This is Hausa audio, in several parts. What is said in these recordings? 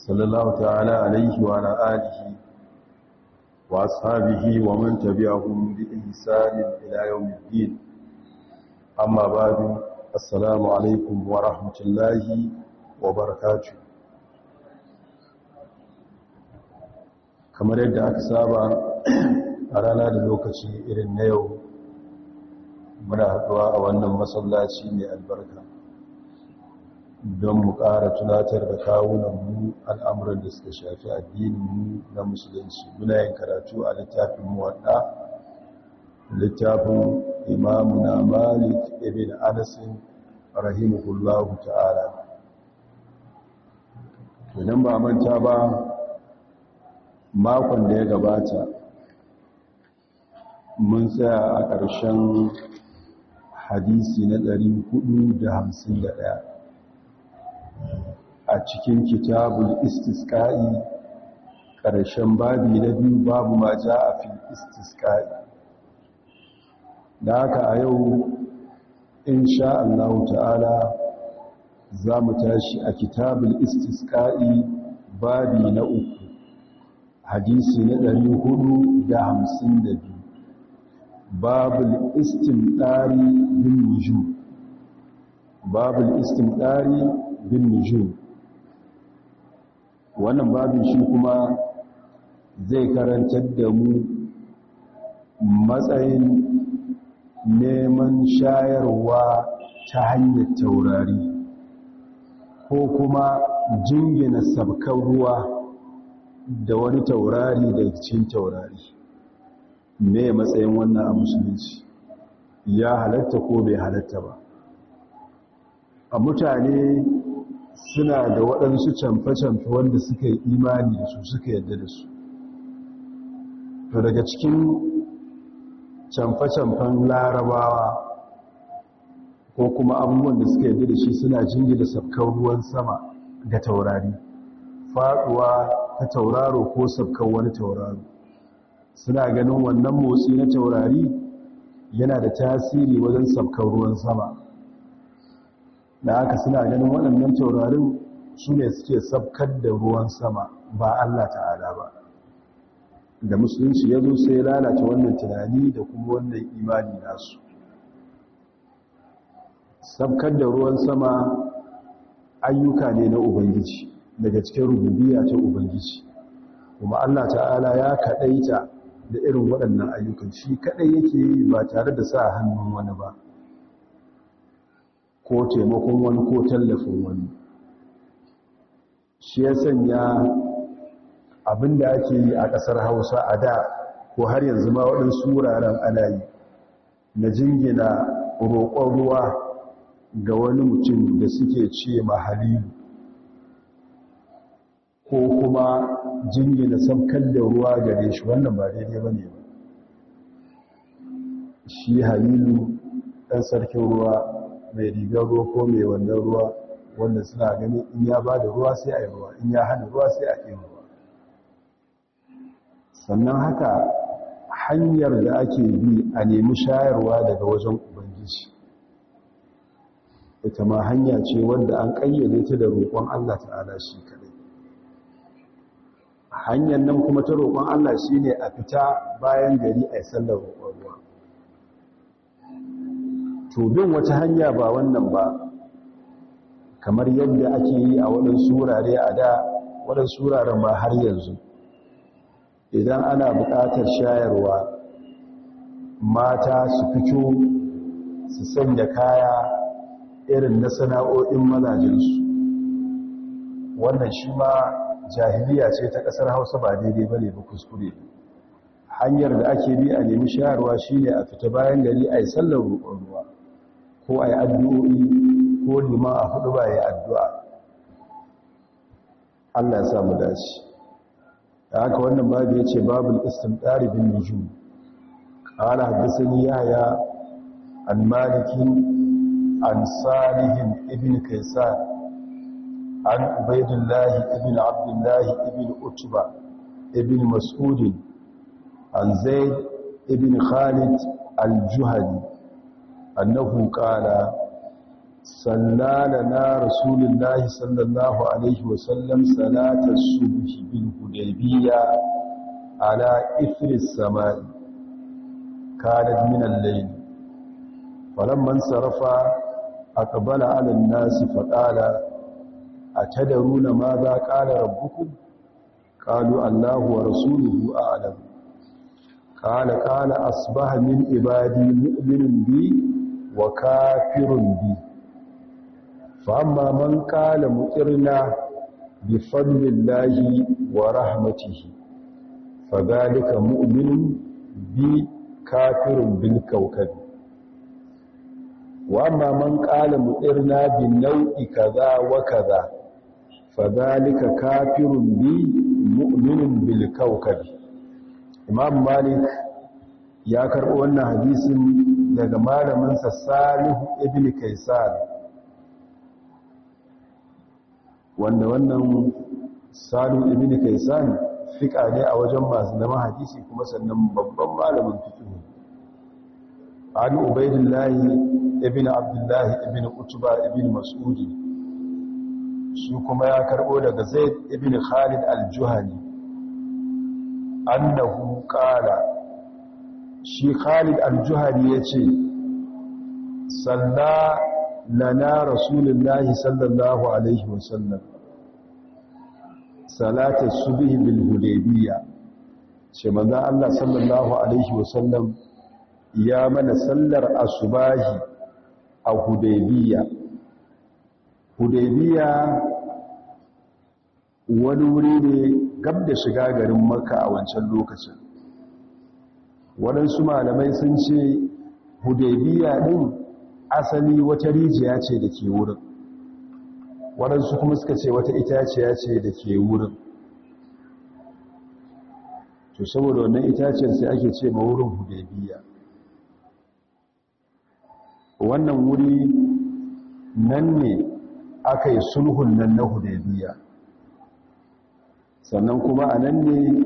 sallallahu ta'ala alaihi wa ala alihi wa ashabihi wa man tabi'ahum bi ihsan ila yawmiddin amma ba'du assalamu alaikum wa rahmatullahi wa barakatuh kamar yadda aka saba a rana da lokaci irin na yau muna haɗuwa a wannan masallaci mai albarka don mu ƙara tunatar da mu al'amuran da suka shafi addininmu na musulunci muna yin karatu a littafin muwaɗa littafin imamu na malik ibn anasin rahimahullahu ta'ala idan ba manta ba makon da ya gabata mun tsaya a ƙarshen hadisi na 451 a cikin kitabul istisqa'i ƙarshen babi na biyu babu ma ja a fi istisqa'i da haka a yau insha Allah ta'ala za mu tashi a kitabul istisqa'i babi na uku hadisi na 452 babul istimdari bin wujub babul istimdari bin wannan babin shi kuma zai karantar da mu matsayin neman shayarwa ta hanyar taurari ko kuma jingina sabkan ruwa da wani taurari da cikin taurari me matsayin wannan a musulunci ya halatta ko bai halatta ba a mutane suna da waɗansu camfe canfa wanda suka yi imani da su suka yadda da su to daga cikin camfe-camfen larabawa ko kuma abubuwan da suka yadda da shi suna jingina sabkar ruwan sama ga taurari faɗuwa ta tauraro ko sabkar wani tauraro suna ganin wannan motsi na taurari yana da tasiri wajen sabkar ruwan sama da aka suna ganin waɗannan taurarin su ne suke sabkar da ruwan sama ba Allah ta'ala ba da musulunci ya zo sai lalata wannan tunani da kuma wannan imani nasu sabkar da ruwan sama ayyuka ne na ubangiji daga cikin rububiya ta ubangiji kuma Allah ta'ala ya kaɗaita da irin waɗannan ayyukan shi kaɗai yake ba tare da sa hannun wani ba ko taimakon wani ko tallafin wani shi ya sanya abinda ake yi a ƙasar hausa a da ko har yanzu ma waɗansu wuraren ana yi na jingina roƙon ruwa ga wani mutum da suke ce mahali ko kuma jingina samkan da ruwa gare shi wannan ba daidai ba ne shi halilu ɗan sarkin ruwa mai rigar ruwa ko mai wannan ruwa wanda suna ganin in ya ba da ruwa sai a yi ruwa in ya hana ruwa sai a yi ruwa sannan haka hanyar da ake bi a nemi shayarwa daga wajen ubangiji ita ma hanya ce wanda an kayyade ta da roƙon allah ta'ala shi kaɗai hanyar nan kuma ta roƙon allah shi ne a fita bayan gari a yi sallar roƙon ruwa to bin wata hanya ba wannan ba kamar yadda ake yi a waɗansu wurare a da waɗansu wuraren ba har yanzu idan ana buƙatar shayarwa mata su fito su sanya kaya irin na sana'o'in mazajensu wannan shi ma jahiliya ce ta ƙasar hausa ba daidai ba ne ba kuskure hanyar da ake bi a nemi shayarwa shi ne a fita bayan gari a yi sallar ruwan ruwa ko a yi addu'o'i ko lima a hudu ba ya yi addu'a allah ya samu dace da haka wannan babu ya ce babin istin ɗaribin niju ƙara haddasani yaya an malikin an salihin ibn kaisar an ubaidullahi ibn abdullahi ibn utuba ibin mas'udin an zaid ibn khalid al-juhani annahu qala sallalana rasulullahi sallallahu alaihi wa sallam salata subhi bil hudaybiya ala ifri samai kanat min al-layl falamma sarafa aqbala ala an-nas fa qala atadaruna maza za qala rabbukum qalu allahu wa rasuluhu a'lam قال قال أصبح من عبادي مؤمن بي wa kafirun bi fa amma man kala mutirna bi fadlillahi wa rahmatihi fa zalika mu'minun bi kafirun bil kawkabi wa amma man kala mutirna bi nau'i kaza wa kaza fa zalika kafirun bi mu'minun bil kawkabi imam malik ya karɓi wannan hadisin daga malaminsa salihu ibn kaisar wanda wannan salihu ibn kaisar fiƙa ne a wajen masu zama hadisi kuma sannan babban malamin fiƙi ali ubaidillahi ibn abdullahi ibn utuba ibn mas'udi su kuma ya karɓo daga zaid ibn khalid al-juhani annahu qala shi khalid al-juhari ya ce salla lana rasulullahi sallallahu alaihi wasallam salatar subhi bil hudaybiya shi manzo Allah sallallahu alaihi wasallam ya mana sallar asubahi a hudaybiya hudaybiya wani wuri ne gab da shiga garin makka a wancan lokacin waɗansu malamai sun ce hudebiya ɗin asali wata rijiya ce da ke wurin waɗansu kuma suka ce wata itaciya ce da ke wurin to saboda wannan itaciyar sai ake ce ma wurin hudaybiya wannan wuri nan ne aka yi sulhun nan na hudaybiya sannan kuma a nan ne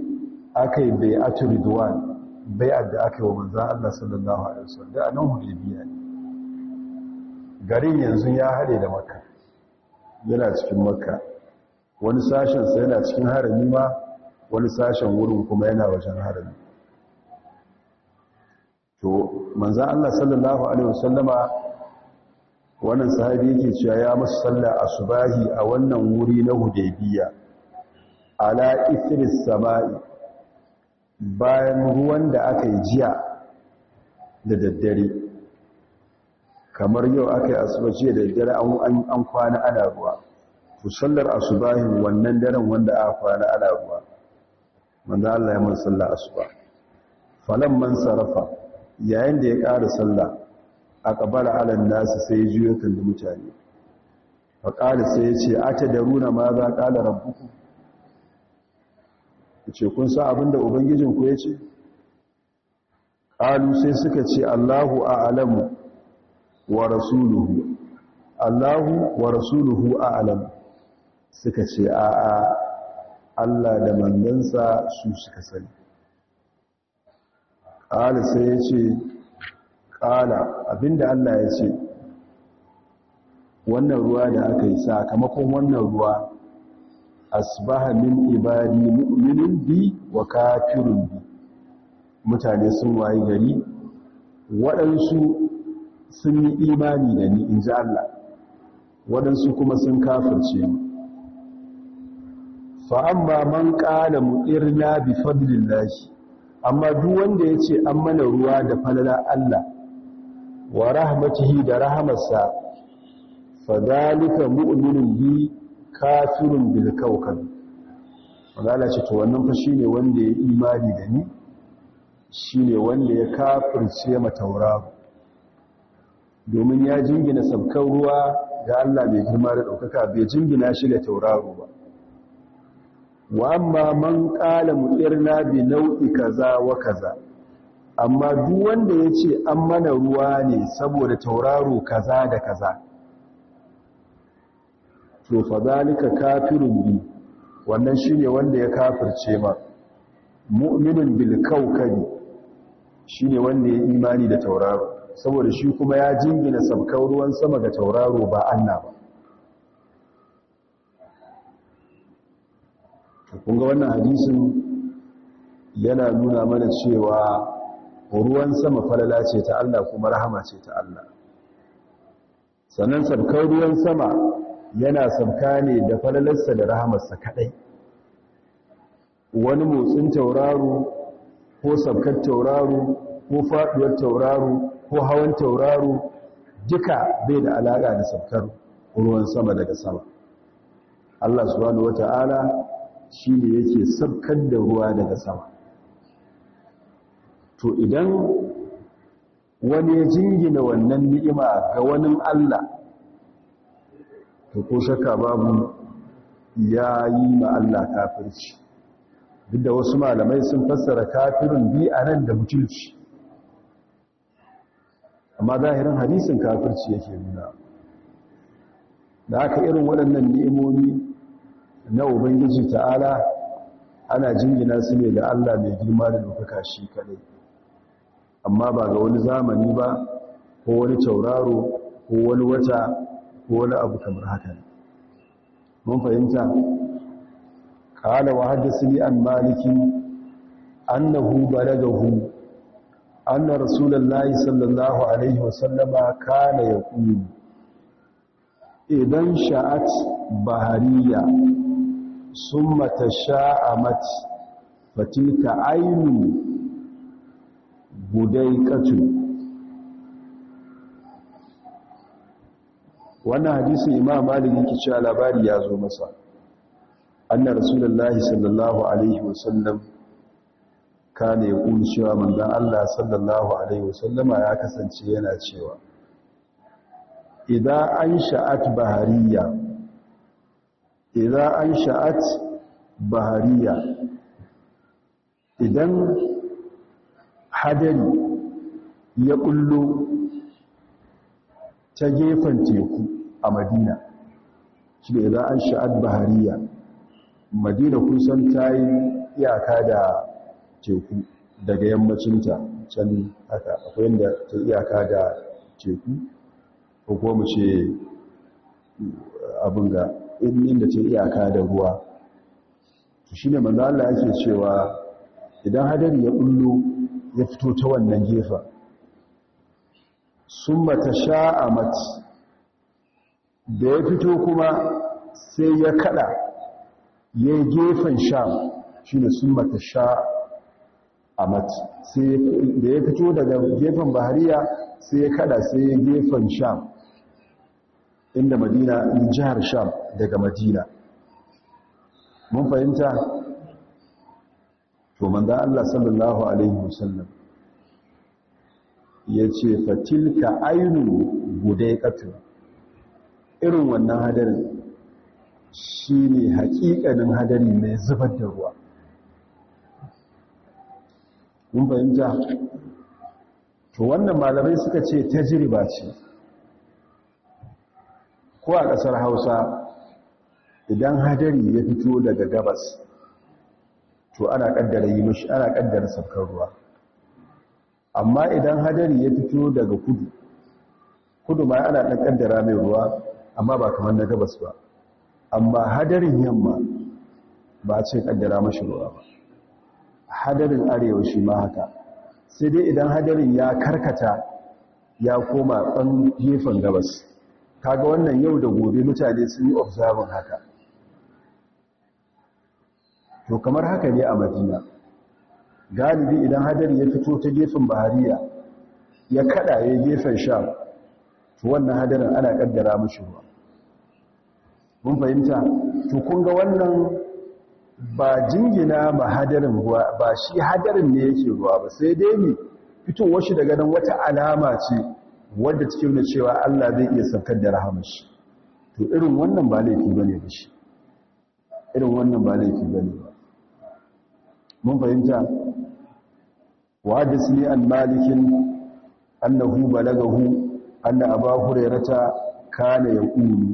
aka yi aturi duwani bai'ar da aka yi wa manzan Allah sallallahu Alaihi wasu da anan hudu biya ne garin yanzu ya hade da maka, yana cikin maka. wani sashen sai yana cikin harami ma wani sashen wurin kuma yana wajen harami to manzan Allah sallallahu Alaihi sallama, wannan sahabi yake cewa ya musu sallah subahi a wannan wuri na biya ala isris sama'i bayan ruwan da aka yi jiya da daddare kamar yau aka yi asuba jiya da daddare an kwana ana ruwa to sallar asubahin wannan daren wanda aka kwana ana ruwa manzo Allah ya mun sallar asuba Falon man sarafa yayin da ya ƙara sallah a kabara alan nasu sai ya juyo kan mutane fa qala sai ya ce da daruna ma za qala rabbukum ce kun sa abinda ubangijinku ya ce ƙalu sai suka ce allahu a alamu wa rasuluhu allahu wa rasuluhu a alamu suka ce a a allah da mandansa su suka sani ƙala sai ya ce ƙala abinda allah ya ce wannan ruwa da aka yi sakamakon wannan ruwa asbaha min ibadi mu'minin bi wa kafirun bi mutane sun waye gari waɗansu sun yi imani da ni in ji Allah waɗansu kuma sun kafirce mu fa'amma man qala mu'irna bi fadlillahi amma duk wanda ya ce an mana ruwa da falala Allah wa rahmatihi da rahamarsa fa zalika mu'minun bi kafirun bil kawkab magana ce to wannan fa shine wanda ya imani da ni shine wanda ya kafirce ma tauraro domin ya jingina sabkan ruwa ga Allah mai girma da ɗaukaka bai jingina shi da tauraro ba wa amma man qala mu'irna bi nau'i kaza wa kaza amma duk wanda yace an mana ruwa ne saboda tauraro kaza da kaza to fa zalika kafirun bi wannan shine wanda ya kafirce ma mu'minun bil kawkabi shine wanda ya imani da tauraro saboda shi kuma ya jingina sabkar ruwan sama ga tauraro ba Allah ba kun ga wannan hadisin yana nuna mana cewa ruwan sama falala ce ta Allah kuma rahama ce ta Allah sannan sabkar ruwan sama yana sabka ne da falalarsa da rahamarsa kaɗai. wani motsin tauraro ko sabkar tauraro ko faɗuwar tauraro ko hawan tauraro duka bai da alaƙa da sabkar ruwan sama daga sama Allah subhanahu wata'ala shi ne yake sabkar da ruwa daga sama to idan wani ya jingina wannan ni'ima ga wani Allah to ko shakka babu ya yi ma Allah kafirci duk da wasu malamai sun fassara kafirin bi a nan da mutunci amma zahirin hadisin kafirci yake nuna da aka irin waɗannan ni'imomi na ubangiji ta'ala ana jingina su ne da Allah mai girma da dukaka shi kaɗai amma ba ga wani zamani ba ko wani tauraro ko wani wata ko wani abu kamar haka mun fahimta kala wa haddasini an maliki annahu balagahu anna rasulullahi sallallahu alaihi wasallama ya yaqulu idan sha'at bahariya summa tasha'amat fatilka aynu budaiqatu wannan hadisin imam malik yake cewa labari ya zo masa anna rasulullahi sallallahu alaihi wasallam kana ya kuma cewa manzon Allah sallallahu alaihi wasallama ya kasance yana cewa idan an sha'at bahariya idan an bahariya idan hadari ya kullo ta gefen teku a madina shi ne za an sha'ad bahariya madina kusan ta yi iyaka da teku daga yammacinta can haka akwai yadda ta iyaka da teku ko mu ce abin ga inda ta iyaka da ruwa shi ne manzo Allah yake cewa idan hadari ya bullo ya fito ta wannan gefa summa tasha'amat da ya fito kuma sai ya kada ya yi gefen sham shi ne sun mata sha a mati da ya fito daga gefen bahariya sai ya kada sai ya gefen sham inda madina jihar sham daga madina mun fahimta to manzan allah sallallahu alaihi wasallam ya ce fatilka ainihin gudai katu irin wannan hadarin shi ne haƙiƙanin hadari mai zubar da ruwa mun ja to wannan malamai suka ce ta tajriba ce ko a ƙasar hausa idan hadari ya fito daga gabas to ana ƙaddara yi mashi ana ƙaddara saukar ruwa amma idan hadari ya fito daga kudu kudu ma ana ɗan ƙaddara mai ruwa amma ba kamar na gabas ba amma hadarin yamma ba ce kaddara mashi ruwa ba hadarin arewa shi ma haka sai dai idan hadarin ya karkata ya koma ɗan gefen gabas kaga wannan yau da gobe mutane sun yi obzabin haka to kamar haka ne a madina galibi idan hadarin ya fito ta gefen bahariya ya kada ya gefen sham to wannan hadarin ana kaddara mashi ruwa mun fahimta to kun ga wannan ba jingina ba hadarin ruwa ba shi hadarin ne yake ruwa ba sai dai ne fitowar shi daga nan wata alama ce wadda take nuna cewa Allah zai iya saukar da rahamar shi to irin wannan ba laifi bane da shi irin wannan ba laifi bane mun fahimta wa hadisi an malikin annahu balagahu anna abu hurairata kana yaqulu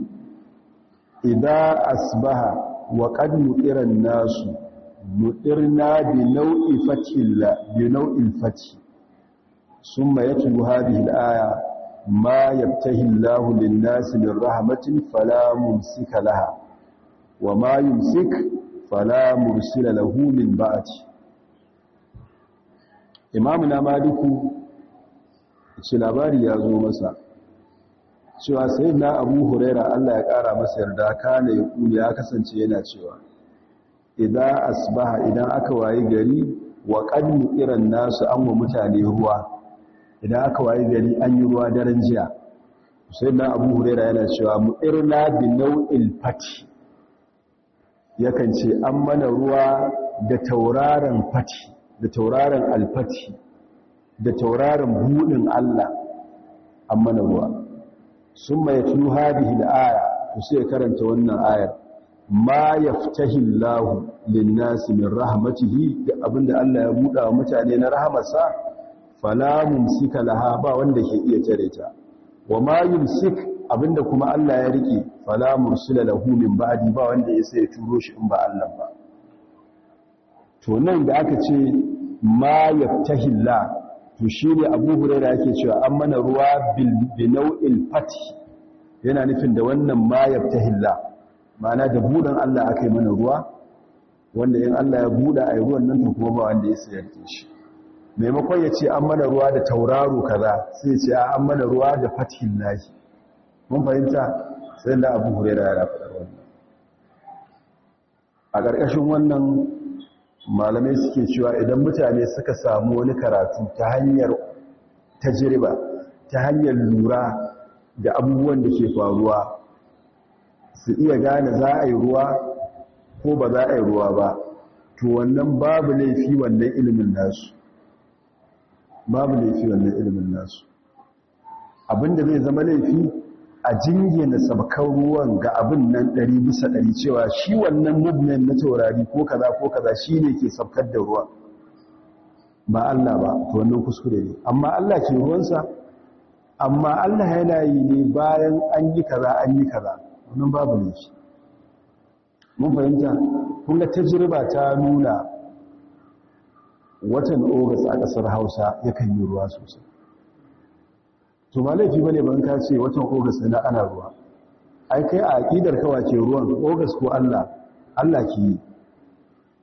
idza asbaha wa qad nuqira an-nasu nuqirna bi naw'i fathillah bi naw'il fath thumma yatlu hadhihi al-aya ma yabtahi Allahu lin-nasi rahmatin fala mumsika wa mayun yumsik fala mursila lahu min ba'di imamu labari ya zo masa cewa sai na abu huraira Allah ya ƙara masa yarda kana ya kuli ya kasance yana cewa idan asbaha idan aka wayi gari wa iran nasu an wa mutane ruwa idan aka wayi gari an yi ruwa daren jiya sai na abu huraira yana cewa mu irna bi nau'il fati yakan ce an mana ruwa da tauraron fati da tauraron alfati da tauraron buɗin Allah an mana ruwa sun mai fi hadihi aya ku sai karanta wannan ayar ma ya fitahi lahu linnasi min rahmatihi da abinda Allah ya buɗa wa mutane na rahamarsa falamun sika laha ba wanda ke iya tare ta wa ma yumsik abinda kuma Allah ya rike falamun sila lahu min ba'adi ba wanda ya sai ya turo shi in ba Allah ba to nan da aka ce ma ya fitahi lahu to shi ne abu huraira yake cewa an mana ruwa binau'il fati yana nufin da wannan mayaf ta hilla ma'ana da budan allah aka yi mana ruwa wanda in allah ya buɗa a yi ruwan nan to kuma ba wanda ya sayar da shi maimakon ya ce an mana ruwa da tauraro kaza sai ce an mana ruwa da fatihin lahi mun fahimta sai da abu huraira ya rafa wannan a ƙarƙashin wannan malamai suke cewa idan mutane suka samu wani karatu ta hanyar tajriba ta hanyar lura da abubuwan da ke faruwa su iya gane za a yi ruwa ko ba za a yi ruwa ba to wannan babu laifi wannan ilimin nasu babu laifi wannan ilimin nasu abinda zai zama laifi a jingina sabkar ruwan ga abin nan ɗari bisa ɗari cewa shi wannan movement na taurari ko kaza ko kaza shi ne ke sabkar da ruwa ba Allah ba to wannan kuskure ne amma Allah ke ruwansa amma Allah yana yi ne bayan an yi kaza an yi kaza wannan babu ne shi mun fahimta kun ga tajriba ta nuna watan August a ƙasar Hausa yakan yi ruwa sosai to ba laifi bane ban ka ce watan ogas na ana ruwa ai kai a aqidar kawa ce ruwan ogas ko Allah Allah ki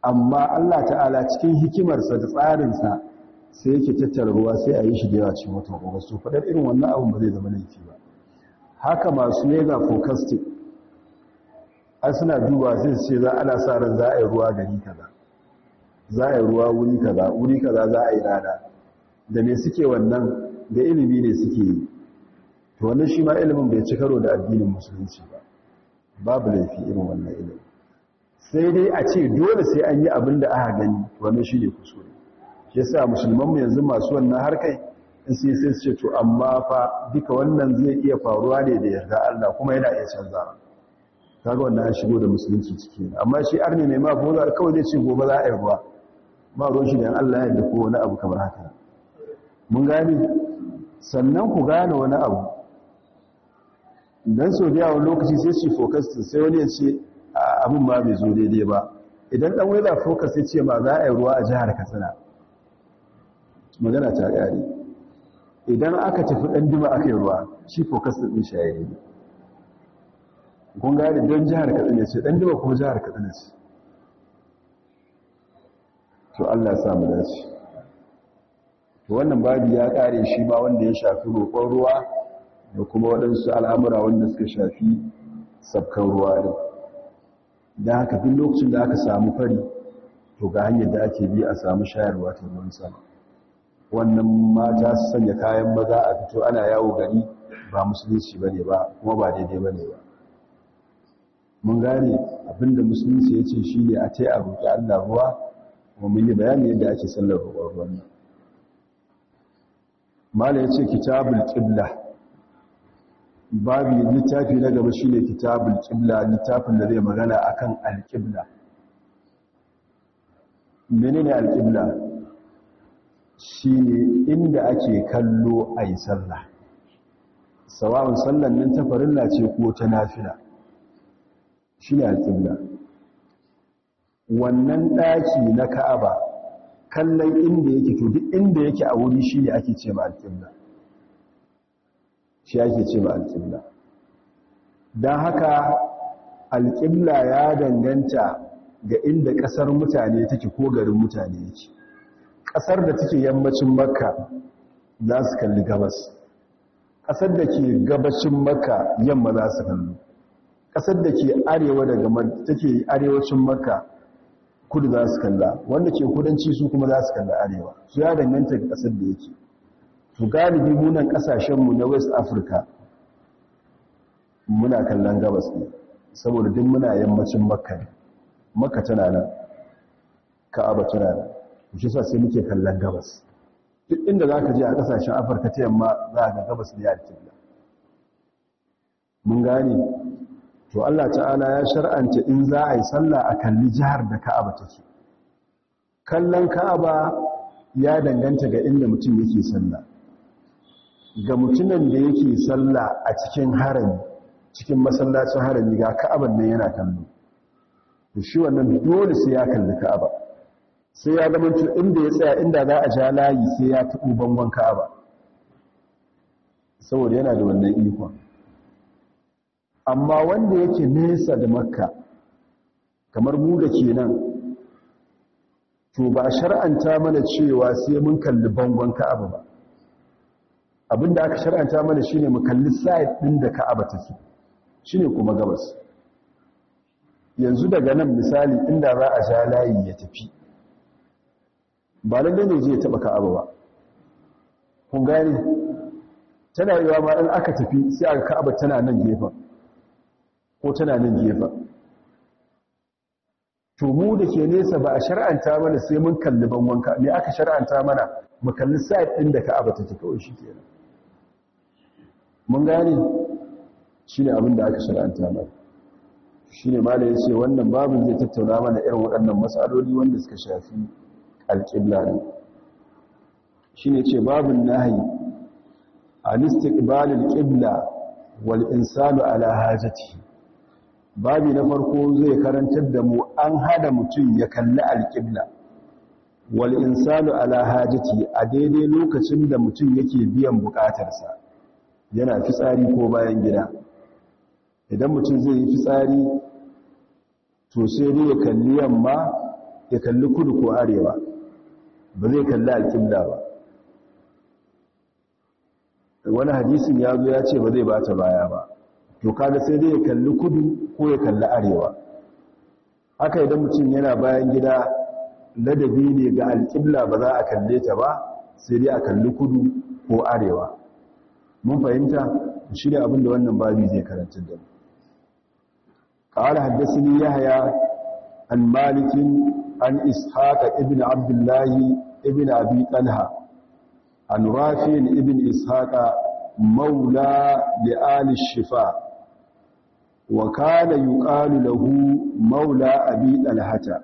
amma Allah ta'ala cikin hikimarsa da tsarinsa sai yake tattara ruwa sai a yi shi da yawa cikin watan ogas to fadar irin wannan abun ba zai zama laifi ba haka masu mega forecasting ai suna duba sai su ce za ana sa ran za a yi ruwa gari kaza za a yi ruwa wuri kaza wuri kaza za a yi rana da me suke wannan da ilimi ne suke yi to wannan shi ma ilimin bai ci karo da addinin musulunci ba babu laifi irin wannan ilimin sai dai a ce dole sai an yi abin da aka gani wannan shi ne kusuri shi yasa musulman mu yanzu masu wannan harkai in sai sai su ce to amma fa duka wannan zai iya faruwa ne da yarda Allah kuma yana iya canza kaga wannan an shigo da musulunci ciki amma shi arni mai ma bola kawai ne ce gobe za a yi ruwa ba ruwan shi da Allah ya da ko wani abu kamar haka mun gani. sannan ku gane wani abu don sau da yawon lokaci sai su fokastin sai wani ya ce abin ma bai zo daidai ba idan ɗan wai za fokas sai ce ma za a yi ruwa a jihar katsina magana ta gari idan aka tafi ɗan dima aka yi ruwa shi fokastin ɗin shaye ne kun gane don jihar katsina ce ɗan dima kuma jihar katsina ce to allah ya samu dace to wannan babu ya kare shi ba wanda ya shafi roƙon ruwa da kuma waɗansu al'amura wanda suka shafi sabkan ruwa ne da haka duk lokacin da aka samu fari to ga hanyar da ake bi a samu shayarwa ta ruwan sama wannan mata su sanya kayan maza a fito ana yawo gari ba musulunci ba ne ba kuma ba daidai ba ne ba mun gane abinda musulunci ya ce shi ne a ce a roƙi allah ruwa kuma mun yi bayani yadda ake sallar roƙon ruwan nan mala ya ce kitabul ƙibla babu littafi na gaba shi ne kitabul ƙibla littafin da zai magana a kan alƙibla mene ne alƙibla shi ne inda ake kallo a yi sallah sawa'un sallan nan ta farilla ce ko ta nafila shi ne alƙibla wannan ɗaki na ka'aba kallon inda yake to duk inda yake a wuri shi ne ake ce ma alƙibla shi ake ce ma alƙibla don haka alƙibla ya danganta ga inda ƙasar mutane take ko garin mutane yake ƙasar da take yammacin makka za su kalli gabas ƙasar da ke gabashin makka yamma za su kalli ƙasar da ke arewa daga take arewacin makka kudu za su kalla wanda ke kudanci su kuma za su kalla arewa su ya danganta ga kasar da yake to galibi munan kasashenmu na west africa muna kallon gabas ne saboda duk muna yammacin makka ne makka tana nan ka'aba tana nan shi sa sai muke kallon gabas duk inda za ka je a kasashen afirka ta yamma za ga gabas ne a cikin mun gane to Allah ta'ala ya shar'anta in za a yi sallah a kalli jihar da ka'aba take kallon ka'aba ya danganta ga inda mutum yake sallah ga mutumin da yake sallah a cikin harami cikin masallacin harami ga ka'aban nan yana kallo to shi wannan dole sai ya kalli ka'aba sai ya zama inda ya tsaya inda za a ja layi sai ya taɓo bangon ka'aba saboda yana da wannan ikon amma wanda yake nesa da makka kamar mu da ke nan to ba a shar'anta mana cewa sai mun kalli bangon ka'aba ba abinda aka shar'anta mana shine mu kalli side din da ka'aba take shine kuma gabas yanzu daga nan misali inda za a ja layi ya tafi ba lalle ne zai taba ka'aba ba kun gane tana yiwa ma in aka tafi sai aka ka'aba tana nan gefen ko tana nan gefa to mu da ke nesa ba a shar'anta mana sai mun kalli ban wanka me aka shar'anta mana mu kalli sa'id din da ka ka'aba take kawai shikenan mun gane shine abin da aka shar'anta mana shine malai yace wannan babin zai tattauna mana irin waɗannan mas'aloli wanda suka shafi alƙibla ne shine ce babin nahi an istiqbalil qibla wal insanu ala hajatihi babi na farko zai karantar da mu an hada mutum ya kalli alƙibla wal insanu ala hajati a daidai lokacin da mutum yake biyan buƙatarsa yana fitsari ko bayan gida idan mutum zai yi fitsari to sai dai ya kalli yamma ya kalli kudu ko arewa ba zai kalli alƙibla ba wani hadisin ya zo ya ce ba zai bata baya ba to kada sai dai ya kalli kudu ko ya kalli arewa haka idan mutum yana bayan gida ladabi ne ga alƙibla ba za a kalle ta ba sai dai a kalli kudu ko arewa mun fahimta shi ne abinda wannan babi zai karanta da mu قال حدثني يحيى an مالك an إسحاق ابن Abdullahi Ibn ابن أبي طلحة عن رافع ابن إسحاق wa yuƙalu yuqalu lahu maula abi dalhata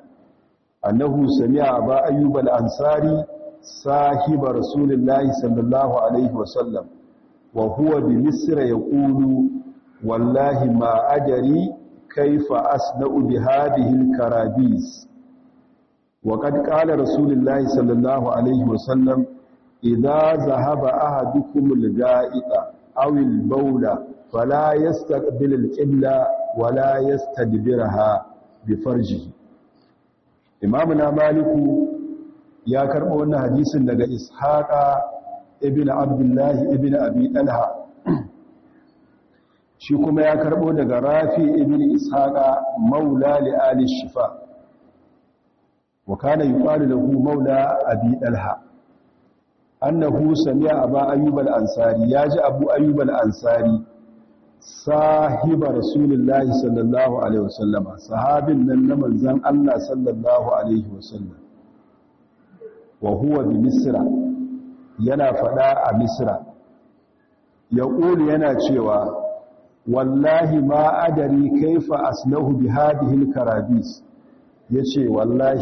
annahu sami'a ba ayyub al-ansari sahiba rasulillahi sallallahu alaihi wa sallam wa huwa bi ya yaqulu wallahi ma ajri kayfa asna'u bi hadhihi al-karabis wa qad qala rasulullahi sallallahu alaihi wa sallam idza zahaba ahadukum al-ga'ita aw al fala yastaqbil al-qibla wala yastadbiraha bi farjihi imamu na maliku ya karɓo wannan hadisin daga ishaqa ibn abdullahi ibn abi shi kuma ya karɓo daga rafi ibn ishaqa maula li ali shifa wa kana yuqalu maula abi talha annahu sami'a aba ayyub al-ansari abu ayyub ansari sahiba rasulullahi sallallahu alaihi wasallama sahabin nan na manzan Allah sallallahu alaihi wasallam wa huwa bi misra yana fada a misra ya ƙuli yana cewa wallahi ma adari kaifa aslahu bi hadihil karabis yace wallahi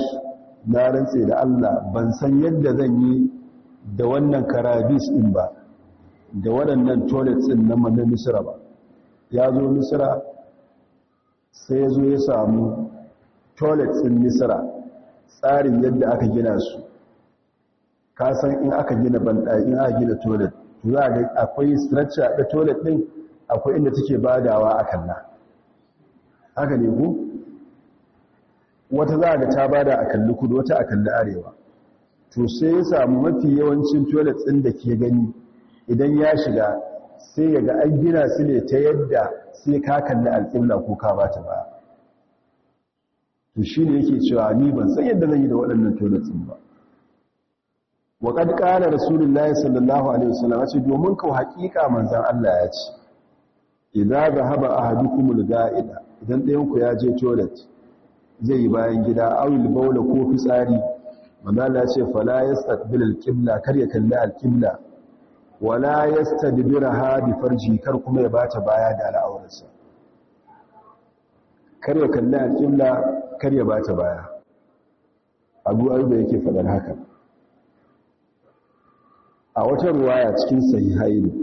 na rantse da Allah ban san yadda zan yi da wannan karabis din ba da waɗannan toilets din na Misra ba ya zo misira sai ya zo ya samu toilet ɗin misira tsarin yadda aka gina su kasan in aka gina banɗaki in aka gina toilet za ga akwai structure da toilet ɗin akwai inda take badawa a kalla haka ne ku wata za ga ta bada a kalli kudu wata a kalli arewa to sai ya samu mafi yawancin toilet ɗin da ke gani idan ya shiga sai ya ga an gina su ne ta yadda sai ka kalli alƙibla ko ka ba ta ba to shi ne yake cewa ni ban san yadda zan yi da waɗannan din ba wa kad rasulullahi sallallahu alaihi wasallam ce domin kau haƙiƙa manzon Allah ya ce idza zahaba ahadukum ga'ida idan ɗayan ku ya je toilet zai yi bayan gida awil baula ko fitsari manzon Allah ya ce fala yastaqbil qibla kar ya kalli alqibla wala ha bi farji kar kuma ya bata baya da al'aurarsa kar ya kalli al'illa kar ya bata baya Abu ayyuba yake fadar haka a wata ruwaya cikin sahihain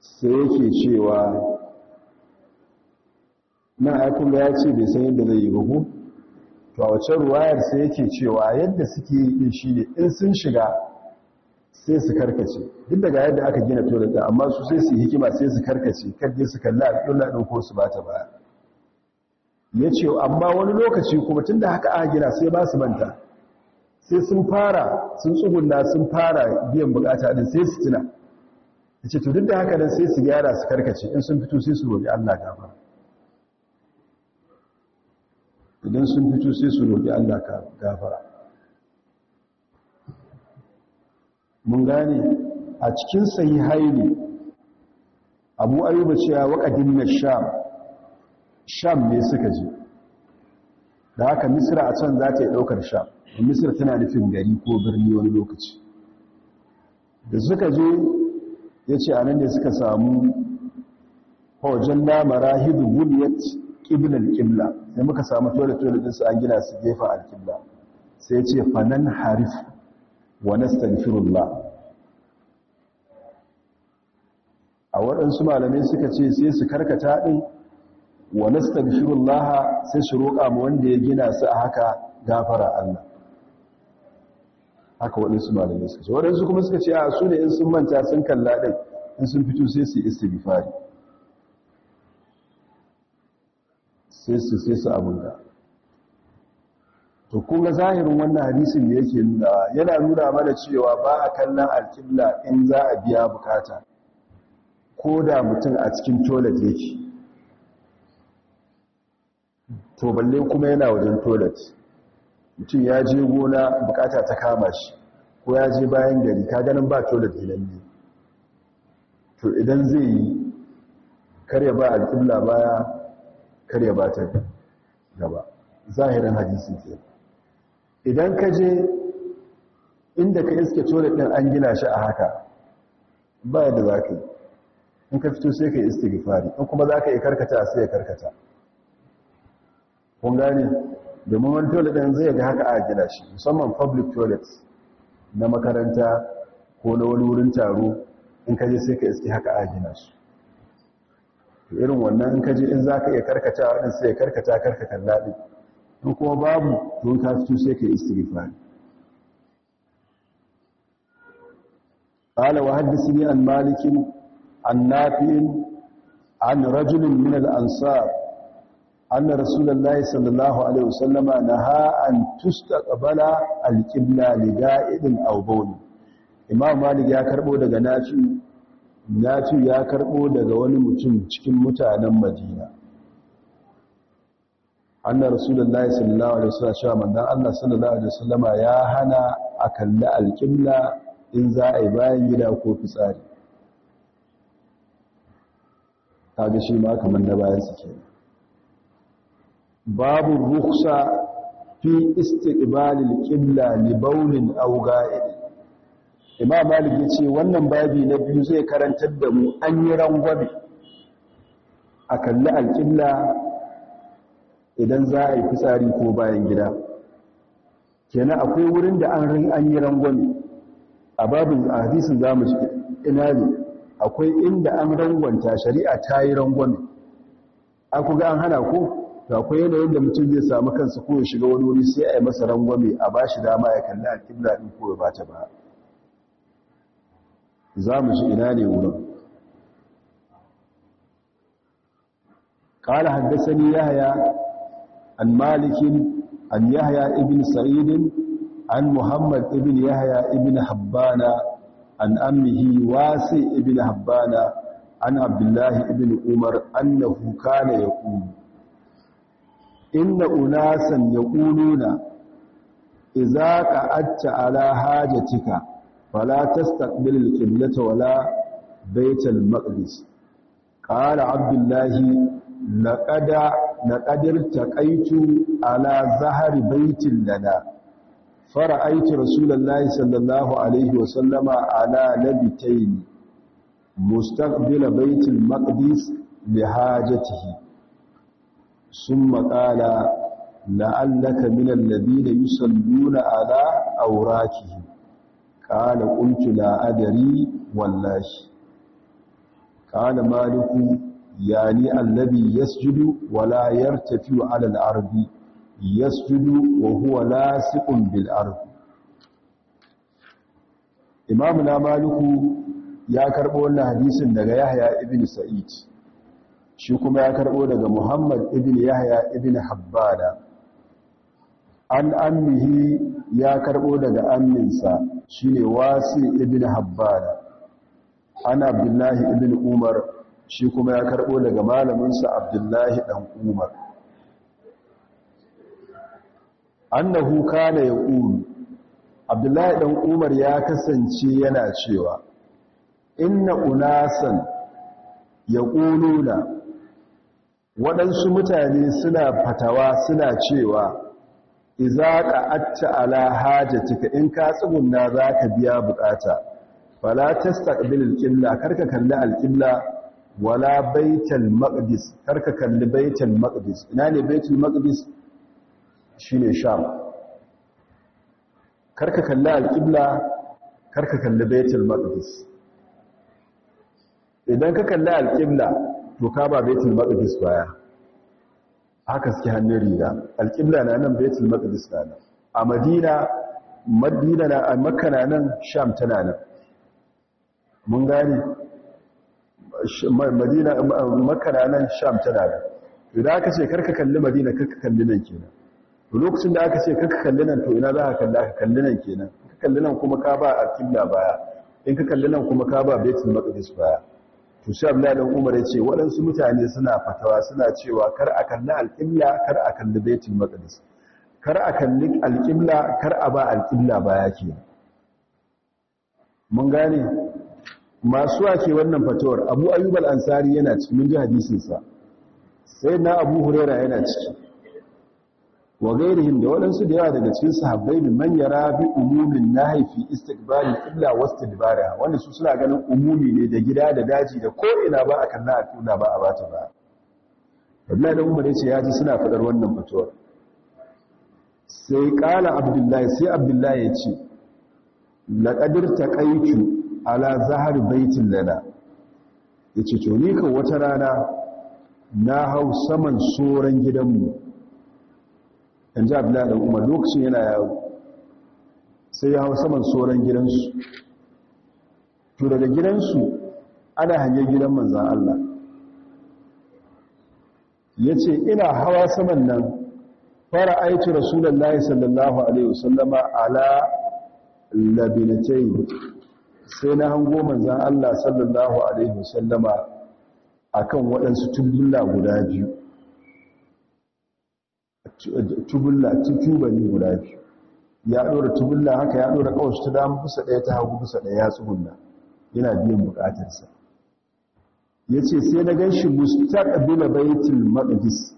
sai yake cewa na aikin da ya ce bai san yadda zai yi ba ku to a wacce ruwayar sai yake cewa yadda suke yi shi ne in sun shiga sai su karkace duk daga yadda aka gina tolata amma su sai su yi hikima sai su karkace kadai su kalla alƙulla ɗin ko su ba ta baya ya ce amma wani lokaci kuma tun da haka aka gina sai ba su manta sai sun fara sun tsugunna sun fara biyan bukata din sai su tuna ya ce to duk da haka nan sai su gyara su karkace in sun fito sai su roƙi allah gafara idan sun fito sai su roƙi allah gafara mun gane a cikin ne. abu ayyuba cewa waqadin na sham sham ne suka je da haka misra a can za ta yi ɗaukar sham misra tana nufin gari ko birni wani lokaci da suka je ya ce a nan ne suka samu wajen namara hidu guliyat ƙiblar ƙibla sai muka samu tole-tole ɗinsu an gina su gefa alƙibla sai ce fanan harifu wa nastaghfirullah a waɗansu malamai suka ce sai su karkata ɗin wa nastaghfirullah sai su roƙa mu wanda ya gina su a haka gafara Allah haka waɗansu malamai suka ce waɗansu kuma suka ce a su ne in sun manta sun kalla ɗin in sun fito sai su istighfari sai su sai su abunda to kuma zahirin wannan hadisin da yake nuna yana nuna mana cewa ba a kallon alƙibla in za a biya bukata ko da mutum a cikin toilet yake to balle kuma yana wajen toilet mutum ya je gona bukata ta kama shi ko ya je bayan gari ka ganin ba toilet gidan ne to idan zai yi karya ba alƙibla baya karya ba ta gaba zahirin hadisi yi. idan ka je inda ka iske toilet ɗin an gina shi a haka ba yadda za ka yi in ka fito sai ka yi gifari in kuma za ka yi karkata sai ya karkata Kunga ne domin wani toilet ɗin zai ga haka a gina shi musamman public toilets na makaranta ko na wani wurin taro in ka je sai ka iske haka a gina shi. irin wannan in ka je in za ka iya karkata waɗansu ya karkata karkatar laɗi in kuma babu tun ka fito sai ka yi istirifani ƙala wa haddasa ne al an annafi'in an rajulun min al-ansar an rasulallah sallallahu alaihi wasallama na ha'an tusta ƙabala alƙibla liga'idin albon imam malik ya karɓo daga nafi'u ya karɓo daga wani mutum cikin mutanen madina annar rasulullahi sallallahu alaihi wasallam cewa manzon Allah sallallahu alaihi wasallam ya hana a kalli alqibla in za a yi bayan gida ko fitsari kaga shi ma kamar na bayan su kenan babu rukhsa fi istiqbalil qibla li bawlin aw ga'id imam malik yace wannan babi na biyu zai karantar da mu an yi rangwabe a kalli alqibla idan za a yi fitsari ko bayan gida kenan akwai wurin da an an yi rangwame a babin hadisin za mu ci ina ne akwai inda an rangwanta shari'a ta yi rangwame a ku ga an hana ko To akwai yanayin da mutum zai samu kansa ko ya shiga wani wuri sai a yi masa rangwame a ba shi dama ya kalli a kibla ɗin ko ya ba ta ba za mu ci ina ne wurin قال حدثني يحيى an malikin an yahya ibn sa'idin an muhammad ibn yahya ibn habbana an ammihi wasi ibn habbana an abdullahi ibn umar annahu kana yaqulu inna unasan yaquluna idza qa'atta ala hajatika fala tastaqbil al-qiblata wala bayt maqdis qala abdullahi laqada na ƙadir taƙaitu ala zahari baitin lana fara aiki rasulallahi sallallahu alaihi wasallama ala labitaini mustaqbila baitin maqdis li hajatihi sun maƙala la'allaka minan labina nuna ala aurakihi ƙala ƙuntu la'adari wallashi ƙala malukun yani annabi yasjudu Wala la yartafi ala al-ardi yasjudu wa huwa lasiqun bil ardi imamu na maliku ya karbo wannan hadisin daga yahya ibn sa'id shi kuma ya karbo daga muhammad ibn yahya ibn habbada an ammihi ya karbo daga amminsa shine wasi ibn habbada an abdullahi ibn umar shi kuma ya karɓo daga malaminsa abdullahi dan umar annahu kana yaqulu abdullahi dan umar ya kasance yana cewa inna unasan ya yaquluna waɗansu mutane suna fatawa suna cewa iza qa'atta ala hajatika in ka tsugunna zaka biya bukata fala tastaqbil Kar karka kalli alqibla wala baitul maqdis karka kalli baitul maqdis ina ne baitul maqdis shine sham karka kalli alqibla karka kalli baitul maqdis idan ka kalli alqibla to ka ba baitul maqdis baya haka suke hannun riga alqibla na nan baitul maqdis na nan a madina madina na makka na nan sham tana nan mun gane Uh, makana nan sham tana da to da aka ce karka kalli madina karka kalli nan kenan to lokacin da aka ce karka kalli nan to ina za ka kalli aka kalli nan kenan ka kalli nan kuma ka ba al-qibla baya in ka kalli nan kuma ka ba baitul maqdis baya to sai Abdullah dan Umar ya ce waɗansu mutane suna fatawa suna cewa kar a kalli al-qibla kar a kalli baitul maqdis kar a kalli al-qibla kar a ba al-qibla baya kenan mun gane masu ce wannan fatawar abu ayyub ansari yana ciki mun ji hadisinsa sai na abu huraira yana ciki wa gairihin da wadansu da yawa daga cikin sahabbai min man yara bi umumin nahaifi istiqbali illa wastidbara wanda su suna ganin umumi ne da gida da daji da ko ina ba a na a tuna ba a bata ba Abdullahi da Umar ya yaji suna faɗar wannan fatuwar sai ƙala Abdullahi sai Abdullahi ya ce laqadir taƙaicu ala zahar baitin lana ya ce to ni kan wata rana na hau saman soran gidanmu in ji abdullahi da umar lokacin yana yawo sai ya hau saman soran gidansu to daga gidansu ana hanyar gidan manzan Allah ya ce ina hawa saman nan fara aiki rasulallah sallallahu alaihi wasallama ala labinatai sai na hango manzan Allah sallallahu Alaihi wasallama a kan waɗansu tubulla guda biyu tubulla ne guda biyu ya ɗora tubulla haka ya ɗora ƙawashi ta dama fusa ɗaya ta hagu fusa ɗaya ya tsugunna yana biyan buƙatarsa ya ce sai na gan shi mustaqbila baitul maqdis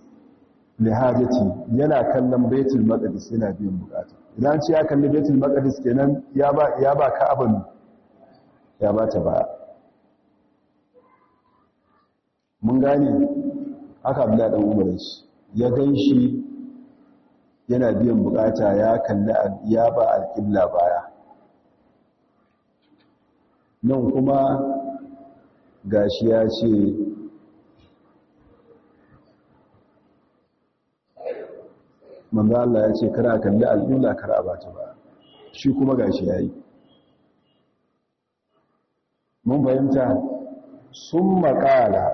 li hajati yana kallon baitul maqdis yana biyan buƙata idan ce ya kalli baitul maqdis kenan ya ba ya ba abin ya ba ta baya mun gane aka abu ɗan umarin shi ya gan shi yana biyan bukata ya kalli ya ba alƙibla baya nan kuma gashi ya ce manzo Allah ya ce kar a kalli alƙibla kar a ba ta baya shi kuma gashi ya yi mun fahimta sun makala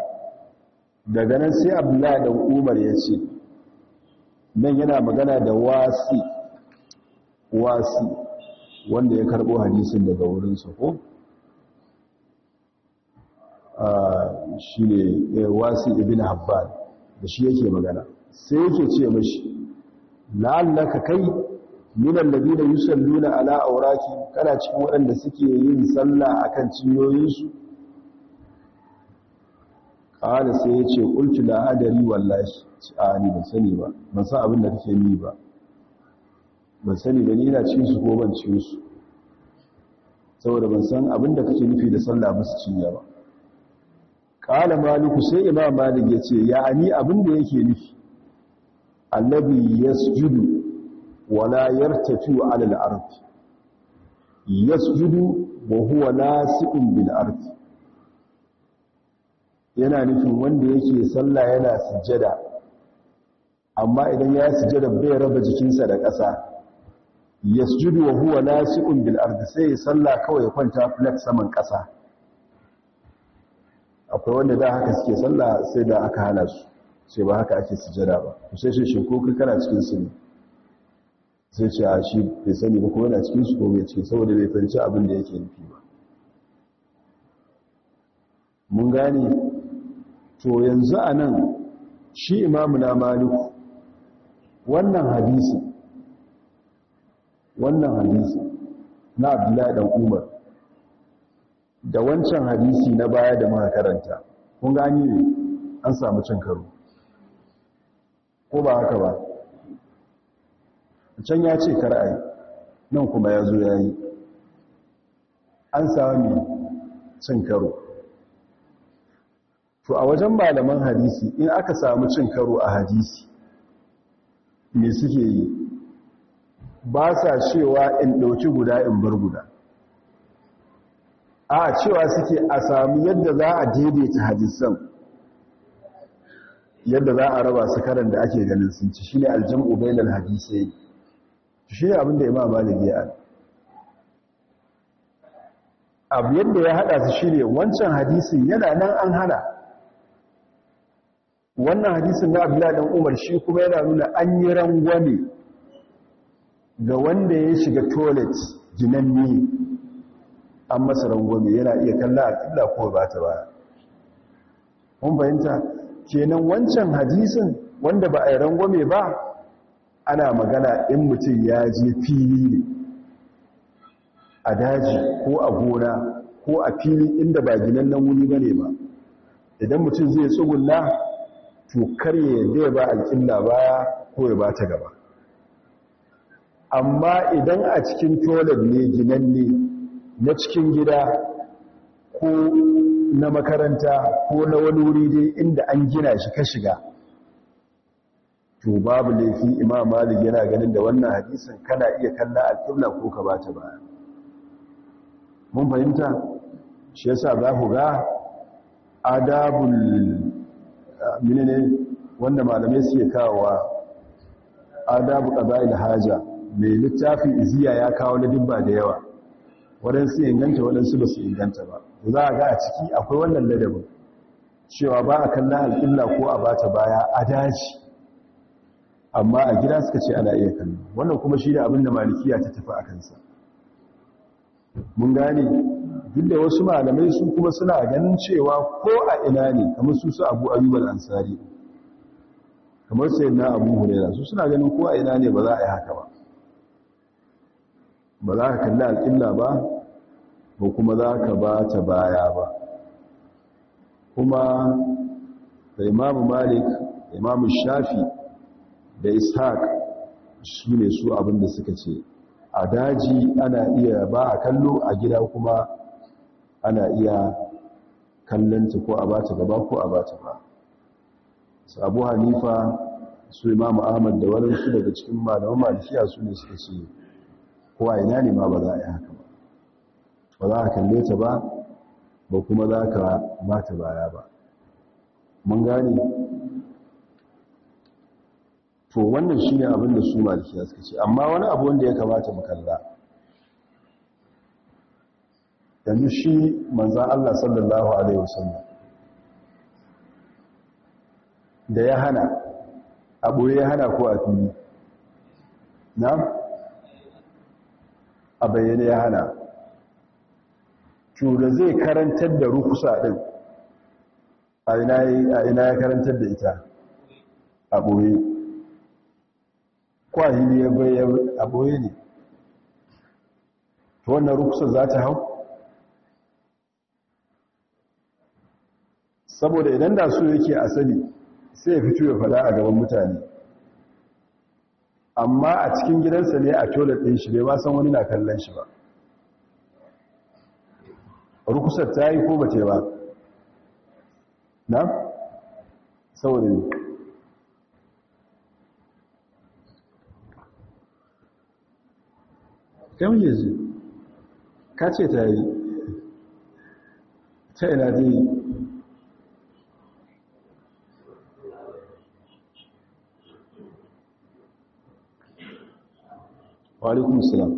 daga nan sai abdullahi dan umar ya ce nan yana magana da wasi wasi wanda ya karbo hadisin daga wurinsa ko ah, shi ne eh, wasi ibn habban da shi yake magana sai yake ce mashi la'allaka kai minan da zina yusalluna ala auraki kana cikin waɗanda suke yin sallah akan cinyoyinsu ƙala sai ya ce ƙulki la adari wallahi a ni ban sani ba ban san abin da kake ni ba ban sani ba, ni na cin su ko ban cin su saboda ban san abin da kake nufi da sallah ba su cinya ba ƙala maliku sai imam malik ya ce ya ani abin da yake nufi annabi yasjudu wala yartafi wa alal ardi yasjudu wa huwa bil yana nufin wanda yake sallah yana sujjada amma idan ya sujjada bai raba jikinsa da ƙasa yasjudu wa huwa nasi'un bil ardi sai ya sallah kawai ya kwanta flat saman ƙasa akwai wanda da haka suke sallah sai da aka hana su sai ba haka ake sujjada ba sai shi shinkoki kana cikin su ne sai ce a shi bai sani ba kuma yana cikin su ko bai saboda bai fahimci abin da yake nufi ba mun gane to yanzu a nan shi imamu na maluku wannan hadisi wannan hadisi na abdullahi dan umar da wancan hadisi na baya da muka karanta kun gani ne an samu cin karo ko ba haka ba can ya ce kar a yi nan kuma ya zo ya yi an sami cin karo to a wajen malaman hadisi in aka samu cin karo a hadisi me suke yi ba sa cewa in ɗauki guda in bar guda a cewa suke a sami yadda za a daidaita hadisan yadda za a raba su da ake ganin sun ci shine aljam'u bainal hadisai shi ne abinda imam malik ya abu yadda ya hada su shi ne wancan hadisin yana nan an hana wannan hadisin na abdullahi umar shi kuma yana nuna an yi rangwame ga wanda ya shiga toilet jinanni an masa rangwame yana iya kalla a kalla ko ba ta ba mun fahimta kenan wancan hadisin wanda ba a yi rangwame ba ana magana in mutum ya je fili ne a daji ko a gona ko a fili inda ba ginan nan wuni ba ne ba idan mutum zai tsugunna to karye zai ba alƙilla baya ko ya ba ta gaba amma idan a cikin tolar ne ne na cikin gida ko na makaranta ko na wani wuri dai inda an gina shi ka shiga to babu laifi imam malik yana ganin da wannan hadisin kana iya kalla al-qibla ko ka bata baya mun fahimta shi yasa za ku ga adabul minene wanda malamai suke kawowa adabu qada'il haja Me littafin iziya ya kawo na dubba da yawa su inganta su ba su inganta ba za a ga a ciki akwai wannan ladabi cewa ba a kalla al-qibla ko a bata baya a daji amma a gida suka ce ana iya kallo wannan kuma shi da abin da malikiya ta tafi a kansa mun gane duk da wasu malamai su kuma suna ganin cewa ko a ina ne kamar su su abu ayyub al-ansari kamar sai na abu huraira su suna ganin ko a ina ne ba za a yi haka ba ba za ka kalli alƙilla ba ba kuma za ka ba ta baya ba kuma da imamu malik da imamu shafi da ishaq shi ne su abinda suka ce a daji ana iya ba a kallo a gida kuma ana iya kallonta ko a bata gaba ko a bata ba sabu hanifa su imamu ahmad da waɗansu daga cikin malaman malikiya su ne suka ce kowa ina ne ma ba za a yi haka ba ba za a kalle ta ba ba kuma za ka bata baya ba mun gane to wannan shi ne abinda su malikiya suka ce amma wani abu wanda ya kamata mu kalla yanzu shi manzan allah sallallahu alaihi wasallam da ya hana abu ya hana ko a fili na a bayyane ya hana da zai karantar da rukusa ɗin a ina ya karantar da ita a ɓoye kwahili ya bayyana aboye ne to wannan rukusa za ta hau saboda idan da su yake asali sai ya fito ya fada a gaban mutane amma a cikin gidansa ne a tola ɗin shi bai ba san wani na kallon shi ba rukusar ta yi ko ba ce ba na saboda ne ta yi ji ka ce ta yi ta ina ta yi wa alaikun salam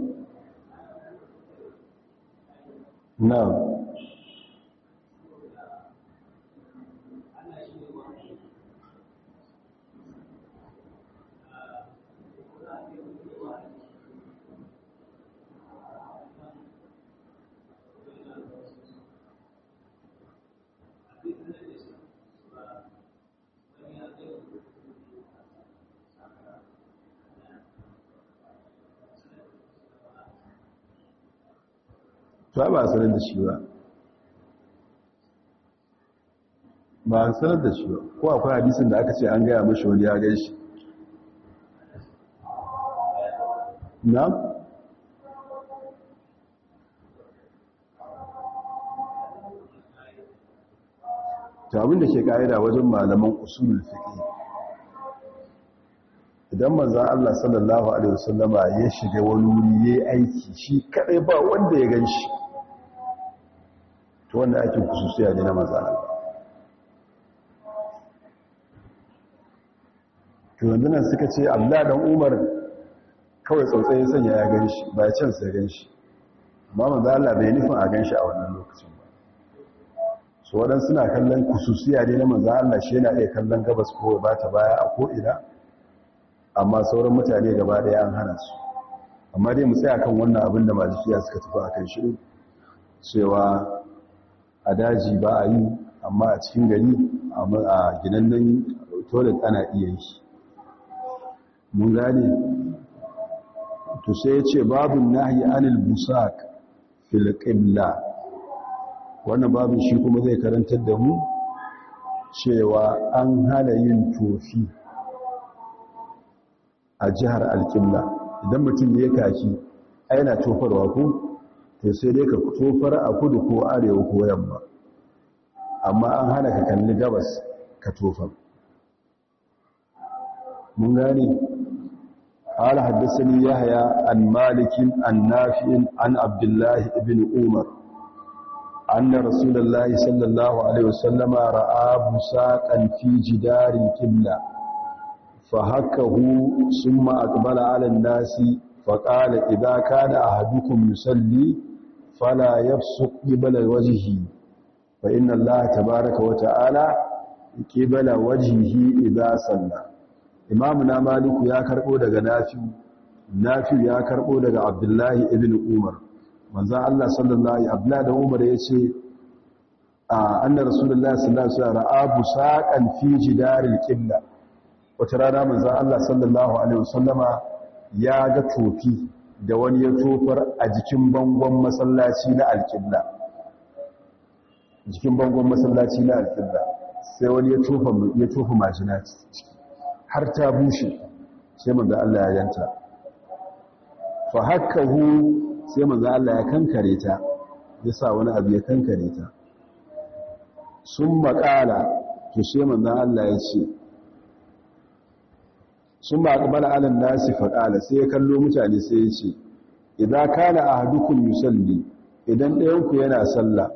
na'am ba sanar da shi ba ba sanar da shi ba ko akwai hadisin da aka ce an gaya mashi wani ya gan shi na? ta da ke ka'ida wajen malaman usulun fiƙi idan maza Allah sallallahu Alaihi wasallama ya shiga wani wuri ya aiki shi kaɗai ba wanda ya gan shi to wannan aikin kususiya ne na maza to yanzu nan suka ce allah dan umar kawai tsautsayi sanya ya gan shi ba ya can sai gan shi amma maza Allah bai nufin a gan shi a wannan lokacin ba su waɗan suna kallon kususiya ne na maza Allah shi yana iya kallon gabas ko ba ta baya a ko'ina amma sauran mutane gaba ɗaya an hana su amma dai mu tsaya kan wannan abin da malikiya suka tafi a kan shi cewa a daji ba a yi amma a cikin gari a ginannen toilet ana iya yi mun gane to sai ya ce babin nahi anil busak fil qibla wannan babin shi kuma zai karantar da mu cewa an hana yin tofi a jihar alƙibla idan mutum ya kaki a yana tofarwa ko to sai dai ka tofar a kudu ko arewa ko yamma amma an hana ka kalli gabas ka tofar mun gane قال حدثني يحيى عن مالك عن نافع عن عبد الله بن عمر أن رسول الله صلى الله عليه وسلم رأى بساقا في جدار الكبلة فهكه ثم أقبل على الناس فقال إذا كان أحدكم يصلي fala yafsuq qibala wajhihi fa inna allaha tabaaraka wa ta'ala qibala wajhihi idha salla imamu na ya karbo daga nafi nafi ya karbo daga abdullahi ibn umar manzo allah sallallahu alaihi abdullahi umar yace anna rasulullahi sallallahu alaihi wasallam ra'a busaqan fi jidaril qibla wata rana manzo allah sallallahu alaihi wasallama ya ga tofi da wani ya tofar a jikin bangon masallaci na alƙibla jikin bangon masallaci na alƙibla sai wani ya tofa ya tofa majina har ta bushe sai manzo Allah ya yanta fa hakkahu sai manzo Allah ya kankare ta ya sa wani abu ya kankare ta sun qala to sai manzo Allah ya ce sun ba bala alin nasi faɗala sai ya kallo mutane sai ya ce idan kana a hadukun yusalli idan ɗayanku yana salla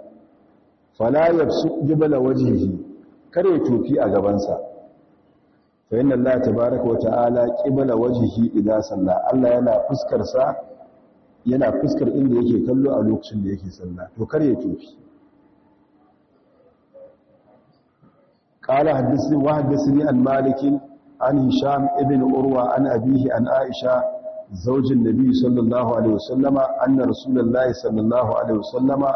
fala su jibala wajihi kare tofi a gabansa fa yin Allah ta baraka wa ta'ala ƙibala wajihi idan sallah Allah yana fuskarsa yana fuskar inda yake kallo a lokacin da yake sallah to kare tofi قال حدثني وحدثني عن مالك an hisham Ibin urwa an abihi an aisha zaujin nabi sallallahu alaihi wasallama anna rasulullahi sallallahu alaihi wasallama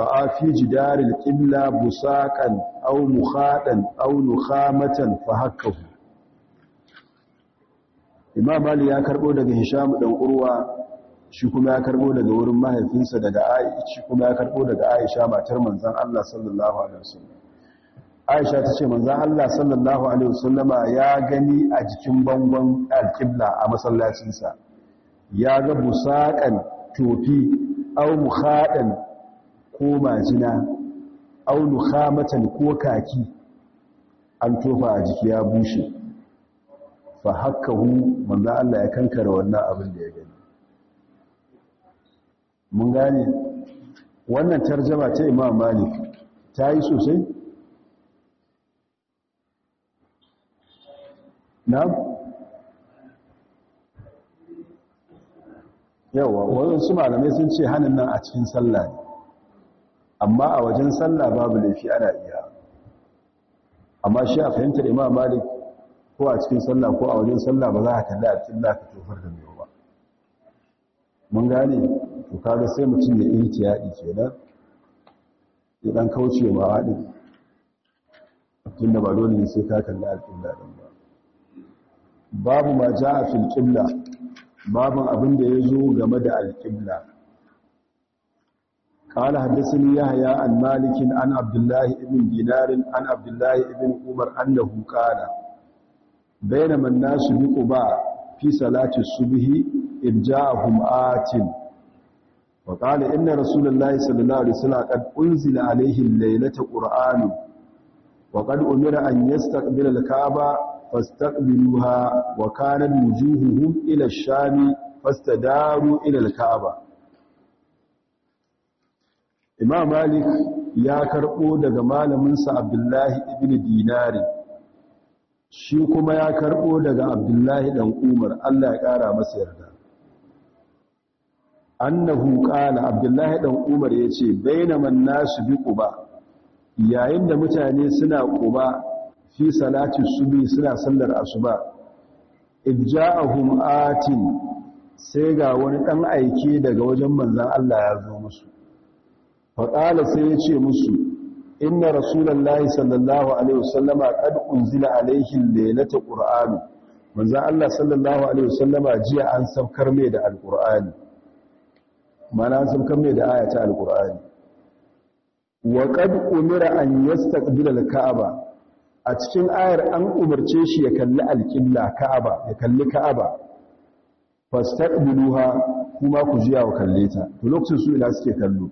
ra'a fi jidar al-qibla busaqan aw fa hakkahu imam ali ya karbo daga hisham dan urwa shi kuma ya karbo daga wurin mahaifinsa daga aisha kuma ya karbo daga aisha matar manzon Allah sallallahu alaihi wasallam aisha ta ce manzan allah sallallahu alaihi wasallama ya gani a jikin bangon alkibla a masallacinsa ya ga busaƙan tofi au muhaɗan ko majina au nuhamatan ko kaki an tofa a jiki ya bushe fa hu manzan allah ya kankara wannan abin da ya gani mun gane wannan tarjama ta imam malik ta yi sosai na'am yawa wasu malamai sun ce hannun nan a cikin sallah ne amma a wajen sallah babu laifi ana iya amma shi a fahimtar imam malik ko a cikin sallah ko a wajen sallah ba za a kalli a cikin ka tofar da mai ba mun gane to kada sai mutum ya yi tiyaɗi kenan ya dan kauce ma haɗin tunda ba dole ne sai ka kalli alƙibla ɗin babu ma a fil ƙibla babu abinda ya zo game da alƙibla ƙala haddasin ya haya an malikin an abdullahi ibin dinarin an abdullahi ibin umar an da hukara bai na manna su biku ba fi salati su bihi in ja a wa ƙala inna rasulullahi sallallahu alaihi suna ɗan ƙunzila alaihin lailata ƙur'anu wa ƙan umira an yasta ƙabilar fastaqbiluha wa kanat wujuhuhum ila ash-shami fastadaru ila al-ka'ba Imam Malik ya karbo daga malamin sa Abdullahi ibn Dinari shi kuma ya karbo daga Abdullahi dan Umar Allah ya kara masa yarda annahu qala Abdullahi dan Umar yace bainaman nasu bi quba yayin da mutane suna quba fi salati subi suna sallar asuba idja'ahum atin sai ga wani dan aike daga wajen manzon Allah ya zo musu qala sai ya ce musu inna rasulullahi sallallahu alaihi wasallama qad unzila alaihi lailatul qur'an manzon Allah sallallahu alaihi wasallama jiya an saukar mai da alqur'ani mana saukar mai da ayata alqur'ani wa qad umira an yastaqbila al-ka'aba a cikin ayar an umarce shi ya kalli alƙibla ka'aba ya kalli ka'aba fastaqbiluha kuma ku jiya wa kalle ta to lokacin su ila suke kallo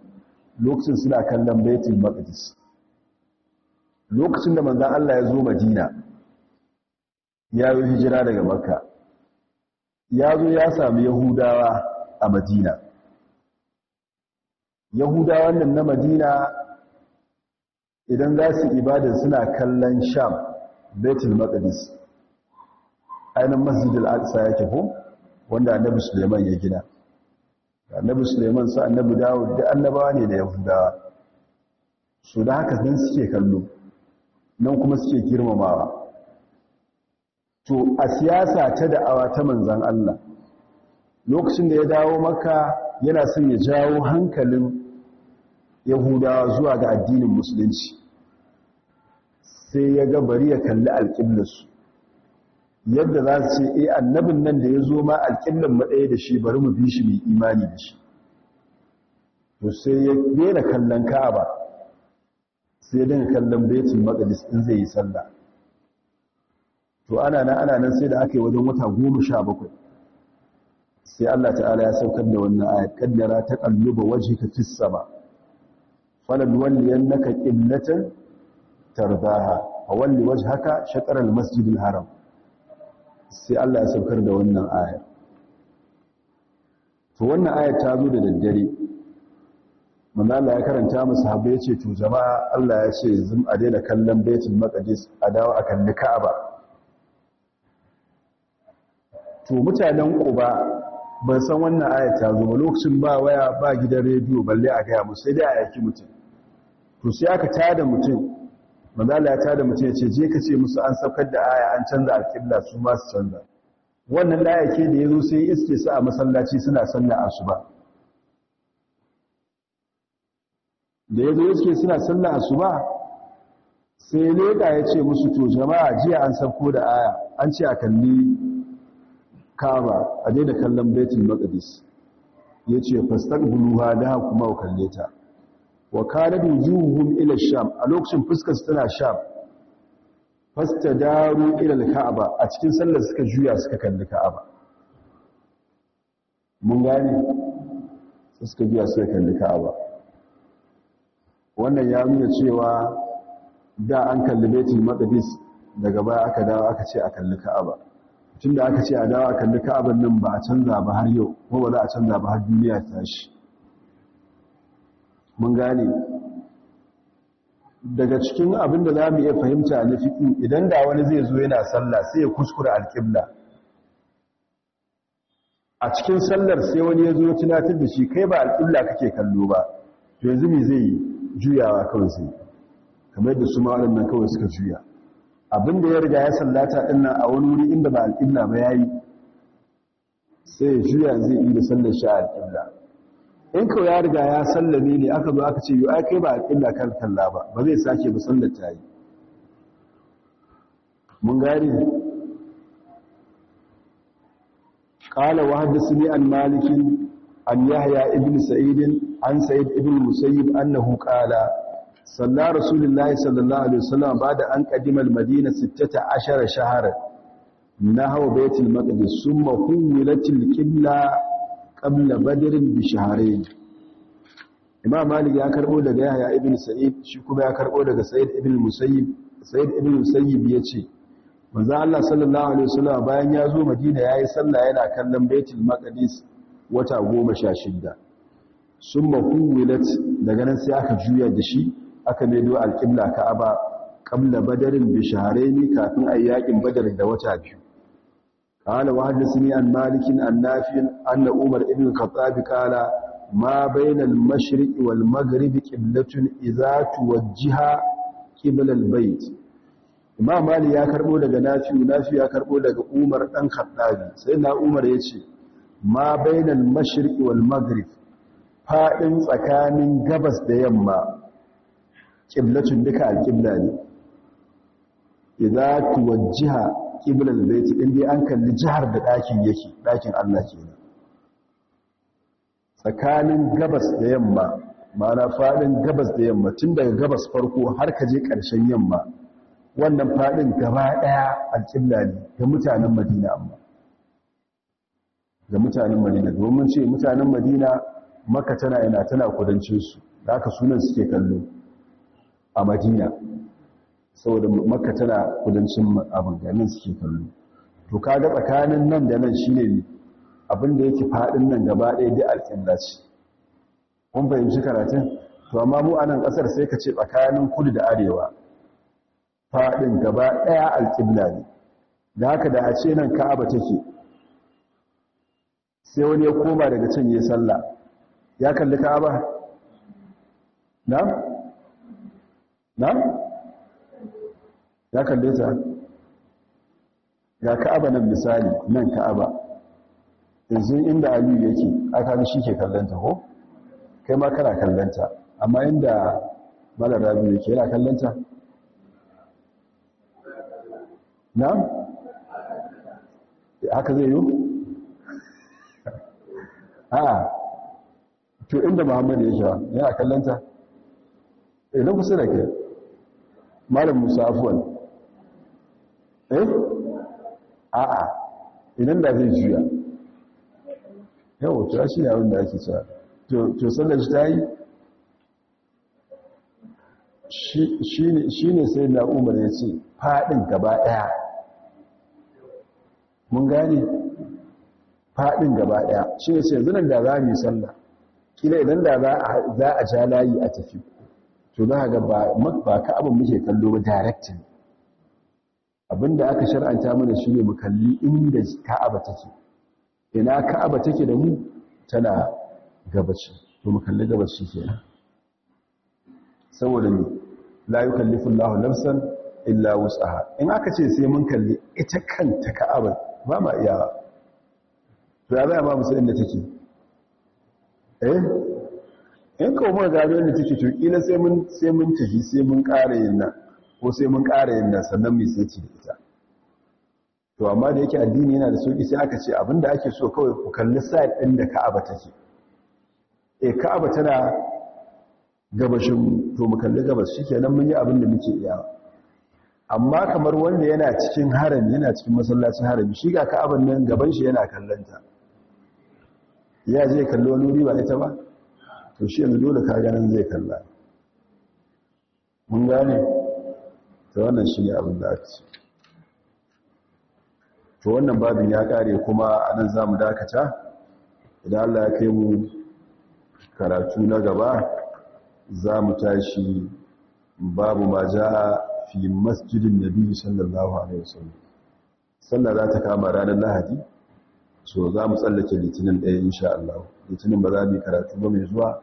lokacin suna kallon baitul maqdis lokacin da manzon Allah ya zo Madina ya yi hijira daga Makka ya zo ya sami Yahudawa a Madina Yahudawan nan na Madina idan za su ibada suna kallon sham betul maqdis ainihin masjidil aqsa yake ko wanda annabi suleiman ya gina annabi suleiman su annabi dawud da annabawa ne da yahudawa su da haka nan suke kallo nan kuma suke girmamawa to a siyasa ta da'awa ta manzan Allah lokacin da ya dawo maka yana son ya jawo hankalin yahudawa zuwa ga addinin musulunci sai ya ga bari ya kalli alƙiblarsu yadda za su ce e annabin nan da ya zo ma alƙillar maɗaya da shi bari mu bi shi mai imani da shi to sai ya daina kallon ka'aba sai ya kallon betin maƙalis in zai yi sallah to ana nan ana nan sai da aka yi wajen wata goma sha bakwai sai Allah ta'ala ya saukar da wannan ayat kaddara ta kalluba wajhika fis sama فلنولينك قبلة ترضاها فولي وجهك شطر المسجد haram? sai Allah ya saukar da wannan aya to wannan aya ta zo da daddare manzo ya karanta mu sahabbai yace to jama'a Allah ya ce zum a daina kallon Baitul Maqdis a dawo akan Ka'aba to mutanen Quba ban san wannan aya ta zo ba lokacin ba waya ba gidan rediyo balle a ga mu sai dai a yaki mutum to sai aka tada mutum manzala ya tada mutum ya ce je ka ce musu an saukar da aya an canza alƙibla su ma su canza wannan layake da ya zo sai iske su a masallaci suna sallar asuba da ya zo iske suna sallar asuba sai leda ya ce musu to jama'a jiya an sauko da aya an ce a kalli kaba a daina kallon baitul maqdis yace buluha da kuma kalle ta wa kana wujuhum ila sham a lokacin fuskar tana sham fastadaru ila alka'aba kaaba a cikin sallar suka juya suka kalli ka'aba mun gane suka juya suka kalli ka'aba wannan ya nuna cewa da an kalli baitul maqdis daga baya aka dawo aka ce a kalli ka'aba tunda aka ce a dawo a kalli ka'aban nan ba a canza ba har yau kuma ba za a canza ba har duniya ta shi mun gane daga cikin abin da za mu iya fahimta na fiƙi idan da wani zai zo yana sallah sai ya kuskura alƙibla a cikin sallar sai wani ya zo tunatar da shi kai ba alƙibla kake kallo ba to yanzu me zai juyawa kawai sai kamar da su ma'aunin nan kawai suka juya abin da ya riga ya sallata ɗin nan a wani wuri inda ba alƙibla ba ya yi sai juya zai yi da sallar shi a alƙibla in kawai ya riga ya sallame ne aka zo aka ce yi a kai ba a ƙilla kan talla ba ba zai sake ba sallar ta yi mun gari ƙala wa haddasa ne an malikin an yahya ibn sa'idin an sa'id ibn musayyib an na hukala salla rasulullahi sallallahu alaihi wasallam ba da an ƙadimar madina sittata ashara shahara na hawa baitul maqdis summa kullatil qibla qabla badrin bi imam malik ya karbo daga yahya ibn sa'id shi kuma ya karbo daga sa'id ibn musayyib sa'id ibn musayyib yace manzo Allah sallallahu alaihi wasallam bayan ya zo madina yayi sallah yana kallon baitul maqdis wata 16 summa huwilat daga nan sai aka juya da shi aka maido alqibla ka'aba qabla badarin bi shahrayn kafin ayyakin badar da wata biyu قال وحدثني عن مالك عن نافع أن عمر بن الخطاب قال ما بين المشرق والمغرب قبلة إذا توجه قبل البيت ya karbo daga Nafi'u, Nafi'u ya karbo daga Umar dan Khattabi. Sai na Umar yace, "Ma bainal mashriqi wal maghrib, fadin tsakanin gabas da yamma, qiblatun duka al ne. Idza tuwajjiha kiblar baiti in dai an kalli jihar da ɗakin yake ɗakin Allah kenan tsakanin gabas da yamma mana faɗin gabas da yamma tun daga gabas farko har ka je ƙarshen yamma wannan faɗin gaba ɗaya alƙibla ne ga mutanen madina amma ga mutanen madina domin ce mutanen madina maka tana yana tana kudancinsu da haka sunan suke kallo a madina saboda makka tana kudancin abin ganin suke kallo to kaga tsakanin nan da nan shine ne abin da yake fadin nan gaba ɗaya da alƙibla kun fahimci karatun to amma mu a nan ƙasar sai ka ce tsakanin kudu da arewa fadin gaba ɗaya alƙibla ne da haka da a ce nan ka'aba take sai wani ya koma daga can ya sallah ya kalli ka'aba na na ya kalle ta ga ka'aba nan misali nan ka'aba yanzu inda aliyu yake aka shi ke kallanta ko kai ma kana kallanta amma inda malar rabi yake yana kallanta na? haka zai yi? a ah. to inda muhammadu ya shawa yana kallanta? ina eh, kusa da ke malar afuwan eh a'a idan da zai juya yau ta shi ne abin da ake cewa to sallar shi ta yi shi ne sai na umar ya ce faɗin gaba ɗaya mun gane faɗin gaba ɗaya shi ne sai zunan da za mu yi sallah kila idan da za a ja layi a tafi to za a ga ba ka abin muke kallo ba directing abinda aka shar'anta mana shine mu kalli inda Ka'aba take ina Ka'aba take da mu tana gabaci to mu kalli gabaci kenan saboda ni la yukallifu Allahu nafsan illa wus'aha in aka ce sai mun kalli ita kanta Ka'aba ba ma iya to ya zai ba mu sai inda take eh in ko mun ga inda take to kila sai mun sai mun tafi sai mun ƙara yin nan ko sai mun ƙara yin nan sannan mai sai ci da ita to amma da yake addini yana da sauƙi sai aka ce abinda ake so kawai ku kalli side ɗin da ka'aba take eh ka'aba tana gabashin to mu kalli gabas nan mun yi abin da muke iya amma kamar wanda yana cikin harami yana cikin masallacin harami shi ga ka'aban nan gaban shi yana kallanta ya je kalli wani wuri ba ita ba to shi yanzu dole ka ganin zai kalla mun gane to wannan shi ne abin da ake to wannan babin ya kare kuma a nan za mu dakata idan allah ya kai mu karatu na gaba za mu tashi babu ma ja fi masjidin nabi sallallahu alaihi wasallam sallah za ta kama ranar lahadi so za mu tsallake litinin ɗaya insha Allah litinin ba za mu yi karatu ba mai zuwa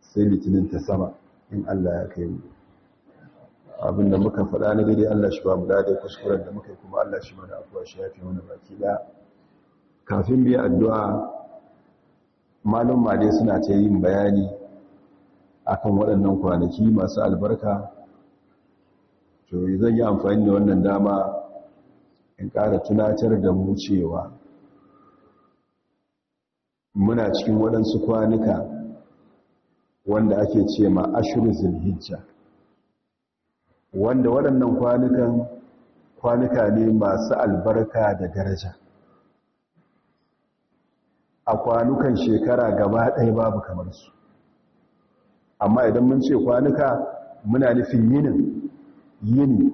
sai litinin ta sama in Allah ya kai mu abinda muka faɗa na daidai Allah shi ba mu dade kuskuren da muka yi kuma Allah shi mana afuwa shi yafi mana baki da kafin biya addu'a Malam Made suna ta yin bayani akan waɗannan kwanaki masu albarka to zan yi amfani da wannan dama in ƙara tunatar da mu cewa muna cikin waɗansu kwanuka wanda ake ce ma ashirin zulhijja wanda waɗannan kwanukan kwanuka ne masu albarka da daraja a kwanukan shekara gaba ɗaya babu kamar su amma idan mun ce kwanuka muna nufin yinin yini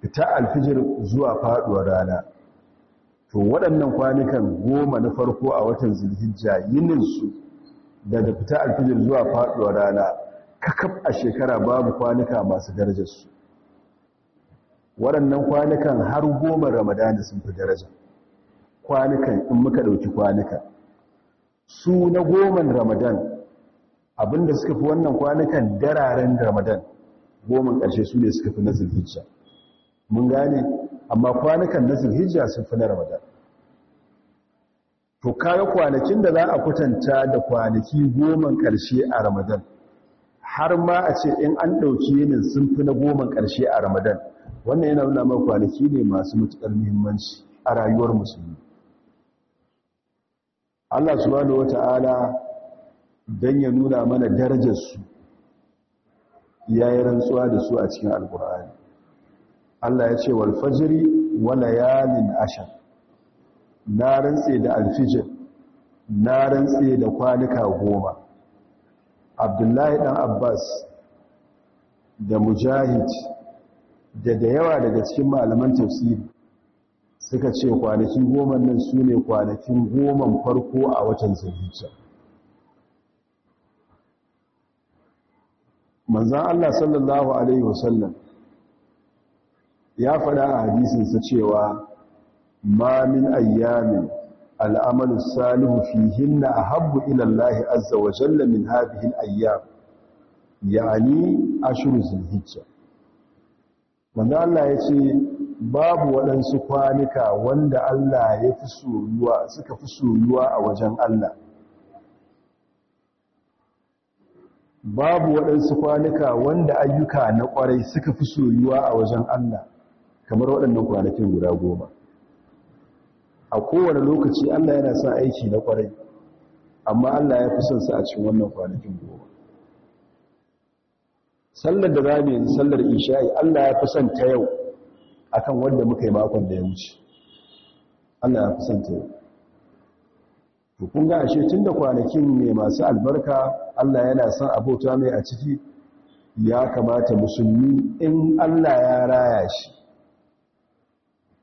fita alfijir zuwa faɗuwar rana to waɗannan kwanukan goma na farko a watan zulhijja yininsu daga fita alfijir zuwa faɗuwar rana kakaf a shekara babu kwanuka masu darajarsu waɗannan kwanukan har goma Ramadan sun fi daraja kwanukan in muka ɗauki kwanuka su na goman ramadan abinda suka fi wannan kwanukan dararen ramadan goman ƙarshe su ne suka fi na zulhijja mun gane amma kwanukan na zulhijja sun fi na ramadan to kaga kwanakin da za a kwatanta da kwanaki goman ƙarshe a ramadan har ma a ce in an ɗauki yinin sun fi na goma ƙarshe a ramadan wannan yana nuna mai kwanaki ne masu matuƙar muhimmanci a rayuwar musulmi allah subhanahu wata'ala don ya nuna mana darajarsu ya yi rantsuwa da su a cikin alkur'ani allah ya ce walfajiri wala walayalin asha na rantse da alfijir na rantse da kwanuka goma abdullahi dan abbas da mujahid da da yawa daga cikin malaman tafsiri suka ce kwanaki goma nan su ne kwanakin goman farko a watan zulhijja manzan allah sallallahu alaihi wasallam ya faɗa a hadisinsa cewa ma min ayyamin al'amalu salihu hinna ahabbu habbu ilallahi azza wa jalla min hadhihi al-ayyam yani ashru zulhijja wanda Allah ya ce babu waɗansu kwanika wanda Allah ya fi soyuwa suka fi soyuwa a wajen Allah babu waɗansu kwanika wanda ayyuka na ƙwarai suka fi soyuwa a wajen Allah kamar waɗannan kwanakin guda goma a kowane lokaci Allah yana sa aiki na kwarai amma Allah ya fi son sa a cikin wannan kwanakin goma sallar da zamu yi sallar isha'i Allah ya fi son ta yau akan wanda muka yi makon da ya wuce Allah ya fi son ta yau to kun ga ashe tunda kwanakin ne masu albarka Allah yana son abota mai a ciki ya kamata musulmi in Allah ya raya shi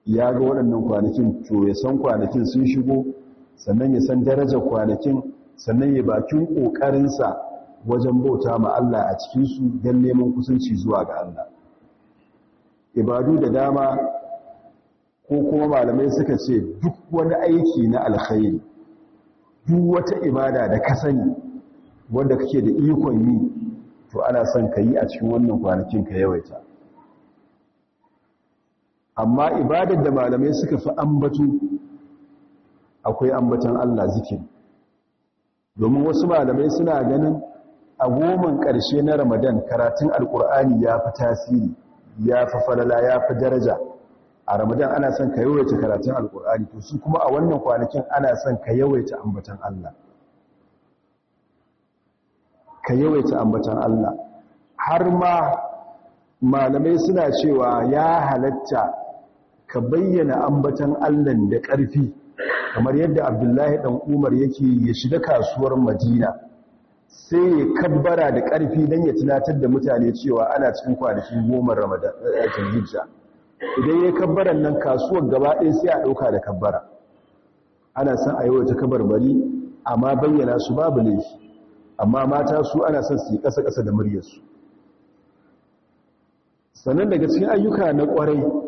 ya ga waɗannan kwanakin to ya san kwanakin sun shigo sannan ya san darajar kwanakin sannan ya bakin ƙoƙarinsa wajen bauta ma Allah a cikinsu don neman kusanci zuwa ga Allah ibadu da dama ko kuma malamai suka ce duk wani aiki na alkhairi duk wata ibada da ka sani wanda kake da ikon yi to ana son ka yi a cikin wannan kwanakin ka yawaita amma ibadar da malamai suka fi ambatu akwai ambatan Allah zikin. domin wasu malamai suna ganin a goman ƙarshe na ramadan karatun Alƙur'ani ya fi tasiri ya fi falala ya fi daraja a ramadan ana son ka yawaita karatun Alƙur'ani. to su kuma a wannan kwanakin ana son ka yawaita ambatan Allah ka yawaita ambatan Allah har ma malamai suna cewa ya halatta ka bayyana ambatan Allah da ƙarfi kamar yadda Abdullahi dan Umar yake ya shiga kasuwar Madina sai ya kabbara da ƙarfi don ya tunatar da mutane cewa ana cikin kwanakin goma Ramadan eh, Hijja idan ya kabbaran nan kasuwar gaba ɗaya sai a ɗauka da kabbara ana son a yi wata kabarbari amma bayyana su babu laifi amma mata su ana son su yi ƙasa-ƙasa da muryarsu sannan daga cikin ayyuka na ƙwarai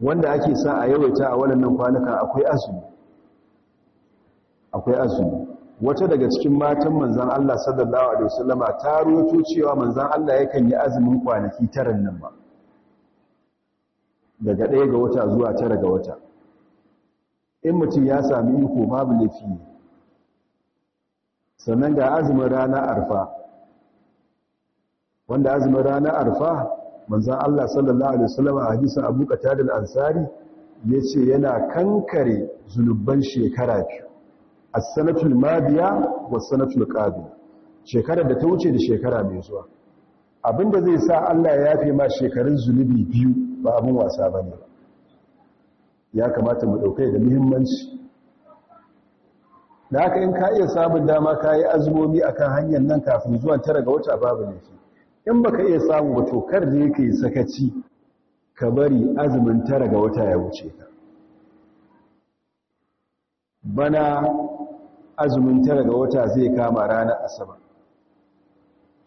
wanda ake sa a yawaita a waɗannan kwanuka akwai azumi akwai azumi wata daga cikin matan manzan Allah sallallahu alaihi wasallama ta roto cewa manzan Allah yakan yi azumin kwanaki tara nan ba daga ɗaya ga wata zuwa tara ga wata in mutum ya sami iko babu laifi sannan ga azumin rana arfa wanda azumin rana arfa manzan Allah sallallahu Alaihi wasallam a hadisun abu katadar ansari ya ce yana kankare zunubban shekara biyu a sanatul mabiya wa sanatul ƙabi shekarar da ta wuce da shekara mai zuwa abinda zai sa Allah ya yafe ma shekarun zunubi biyu ba abin wasa ba ne ya kamata mu ɗaukai da muhimmanci da haka in ka iya samun dama ka yi azumomi akan hanyar nan kafin zuwan tara ga wata babu laifi in ba ka iya samun ba to kar da ka sakaci ka bari azumin tara ga wata ya wuce ka bana azumin tara ga wata zai kama ranar Asaba,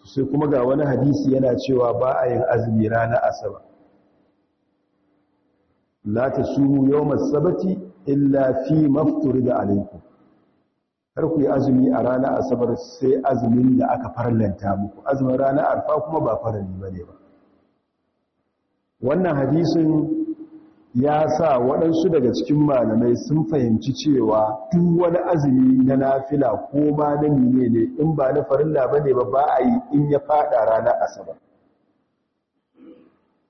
sai kuma ga wani hadisi yana cewa ba a yin azumi ranar Asaba. la ta sumu yau masabati illa fi mafturida alaikum har ku yi azumi a ranar asabar sai azumin da aka farlanta muku azumin ranar arfa kuma ba farali ba ba wannan hadisin ya sa waɗansu daga cikin malamai sun fahimci cewa duk wani azumi na nafila ko ba na mine ne in ba na farilla ba ne ba ba a yi in ya faɗa ranar asabar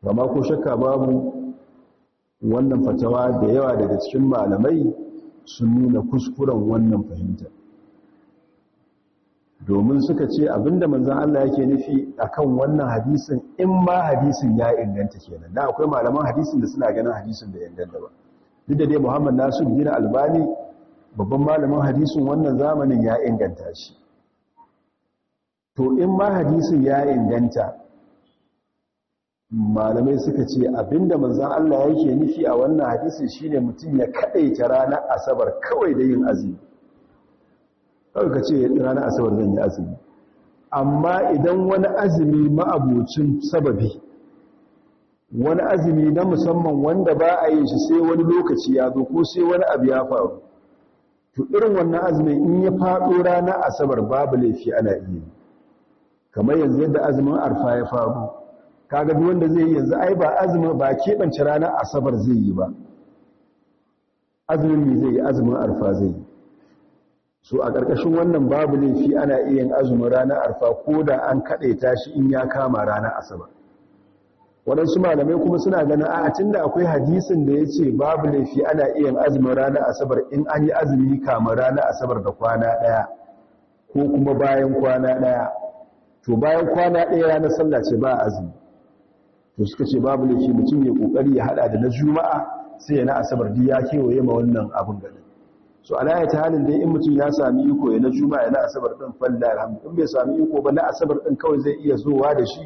gama ko shakka babu wannan fatawa da yawa daga cikin malamai sun nuna kuskuren wannan fahimtar domin suka ce abinda manzan Allah yake nufi akan wannan hadisin in ma hadisin ya inganta kenan da akwai malaman hadisin da suna ganin hadisin da inganta ba duk da dai Muhammad Nasir bin Albani babban malamin hadisin wannan zamanin ya inganta shi to in ma hadisin ya inganta malamai suka ce abinda manzan Allah yake nufi a wannan hadisi shine mutum ya kadaita ranar asabar kawai da yin azumi ka ce ranar asabar zan yi azumi amma idan wani azumi ma'abocin sababi wani azumi na musamman wanda ba a yi shi sai wani lokaci ya zo ko sai wani abu ya faru to irin wannan azumin in ya faɗo ranar asabar babu laifi ana iya kamar yanzu yadda azumin arfa ya faru kaga duk wanda zai yi yanzu ai ba azumi ba keɓance ranar asabar zai yi ba azumin ne zai yi azumin arfa zai yi so a ƙarƙashin wannan babu laifi ana iya yin azumin ranar arfa ko da an kaɗaita shi in ya kama ranar asabar waɗansu malamai kuma suna ganin a tun da akwai hadisin da ya ce babu laifi ana iya yin azumin ranar asabar in an yi azumi kama ranar asabar da kwana ɗaya ko kuma bayan kwana ɗaya to bayan kwana ɗaya ranar sallah ce ba azumi to suka ce babu laifi mutum ya kokari ya hada da na juma'a sai ya na asabar duk ya kewaye ma wannan abin gani so alaya ta halin dai in mutum ya sami iko ya na juma'a ya asabar din falla alhamdu in bai sami iko ba na asabar din kawai zai iya zuwa da shi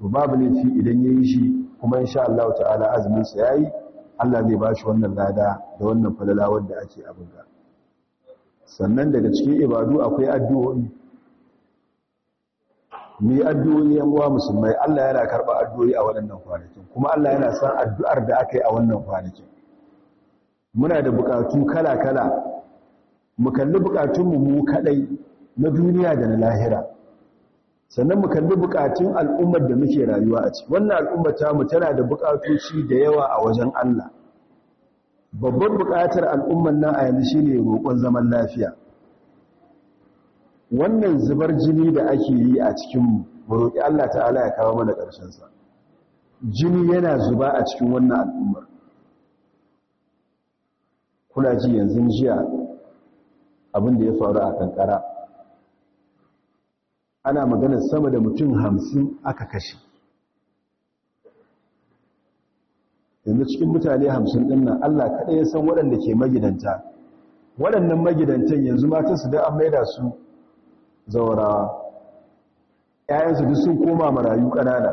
to babu laifi idan ya yi shi kuma insha Allah ta'ala azumin sa yayi Allah zai ba shi wannan lada da wannan falala wanda ake abin ga sannan daga cikin ibadu akwai addu'o'i mu yi addu'o'i yan uwa musulmai Allah yana karɓa addu'o'i a waɗannan kwanakin kuma Allah yana san addu'ar da aka yi a wannan kwanakin muna da buƙatu kala-kala mu kalli buƙatunmu mu kaɗai na duniya da na lahira sannan mu kalli buƙatun al'ummar da muke rayuwa a ciki wannan al'ummar ta mu tana da shi da yawa a wajen Allah babbar buƙatar al'ummar nan a yanzu shi ne roƙon zaman lafiya wannan zubar jini da ake yi a cikinmu mu roƙi Allah ta'ala ya kawo mana ƙarshensa jini yana zuba a cikin wannan al'ummar kuna ji yanzu jiya abin da ya faru a kankara ana magana sama da mutum hamsin aka kashe yanzu cikin mutane hamsin ɗin nan Allah kaɗai ya san waɗanda ke magidanta waɗannan magidantan yanzu matansu da an maida su zaurawa ‘ya'yansu duk sun koma marayu ƙanana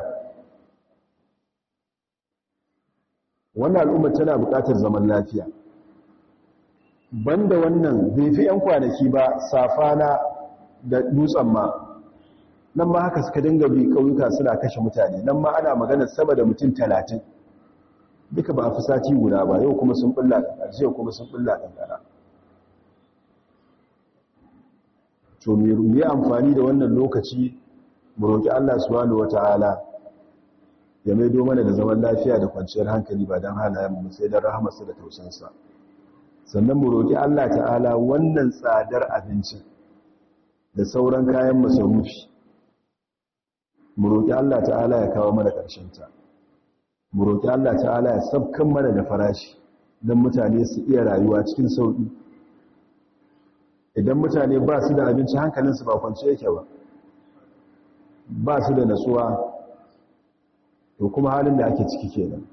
wannan al'umma tana buƙatar zaman lafiya banda wannan bai fi ‘yan kwanaki ba safana da dutsen ma nan ma haka suka dinga bi ƙauyuka suna kashe mutane nan ma ana maganar sama da mutum talatin duka ba a fi sati guda ba yau kuma sun ɓulla ƙanƙara kuma sun ɓulla ƙanƙara to mu yi amfani da wannan lokaci mu roƙi Allah subhanahu ta'ala ya maido mana da zaman lafiya da kwanciyar hankali ba dan halayen mu sai don rahamarsa da tausansa sannan mu roƙi Allah ta'ala wannan tsadar abinci da sauran kayan masarufi mu roƙi Allah ta'ala ya kawo mana ta. mu roƙi Allah ta'ala ya sabkan mana da farashi dan mutane su iya rayuwa cikin sauƙi idan mutane ba su da abinci hankalinsu ba kwanci yake ba ba su da natsuwa to kuma halin da ake ciki kenan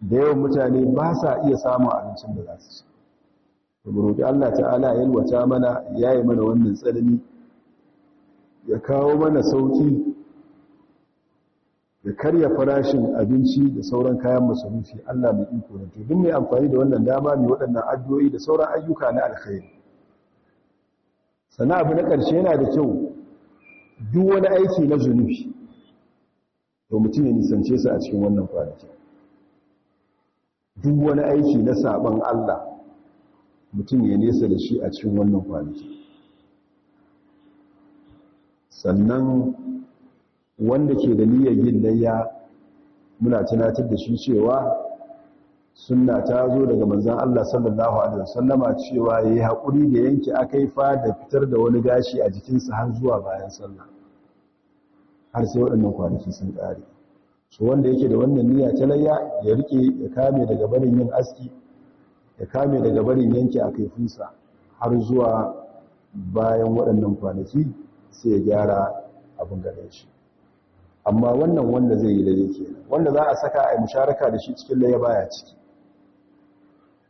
da yawan mutane ba sa iya samun abincin da za su ci roƙi Allah ta'ala ya yalwata mana ya yi mana wannan tsanani ya kawo mana sauƙi ya karya farashin abinci da sauran kayan masarufi Allah mai iko ne to duk mai amfani da wannan dama mai waɗannan addu'o'i da sauran ayyuka na alkhairi sannan abu na ƙarshe yana da kyau duk wani aiki na zunubi to mutum ya nisance su a cikin wannan kwanaki duk wani aiki na sabon Allah mutum ya nesa da shi a cikin wannan kwanaki sannan wanda ke da niyyar yin layya muna tunatar da shi cewa sunna ta zo daga manzon Allah sallallahu alaihi wasallama cewa yayi hakuri da yanke akaifa da fitar da wani gashi a jikinsa har zuwa bayan sallah har sai waɗannan kwanaki sun ƙare so wanda yake da wannan niyya ta layya ya rike ya kame daga barin yin aski ya kame daga barin yanke kaifinsa har zuwa bayan waɗannan kwanaki sai ya gyara abin gare shi amma wannan wanda zai yi da yake wanda za a saka a musharaka da shi cikin laye baya ciki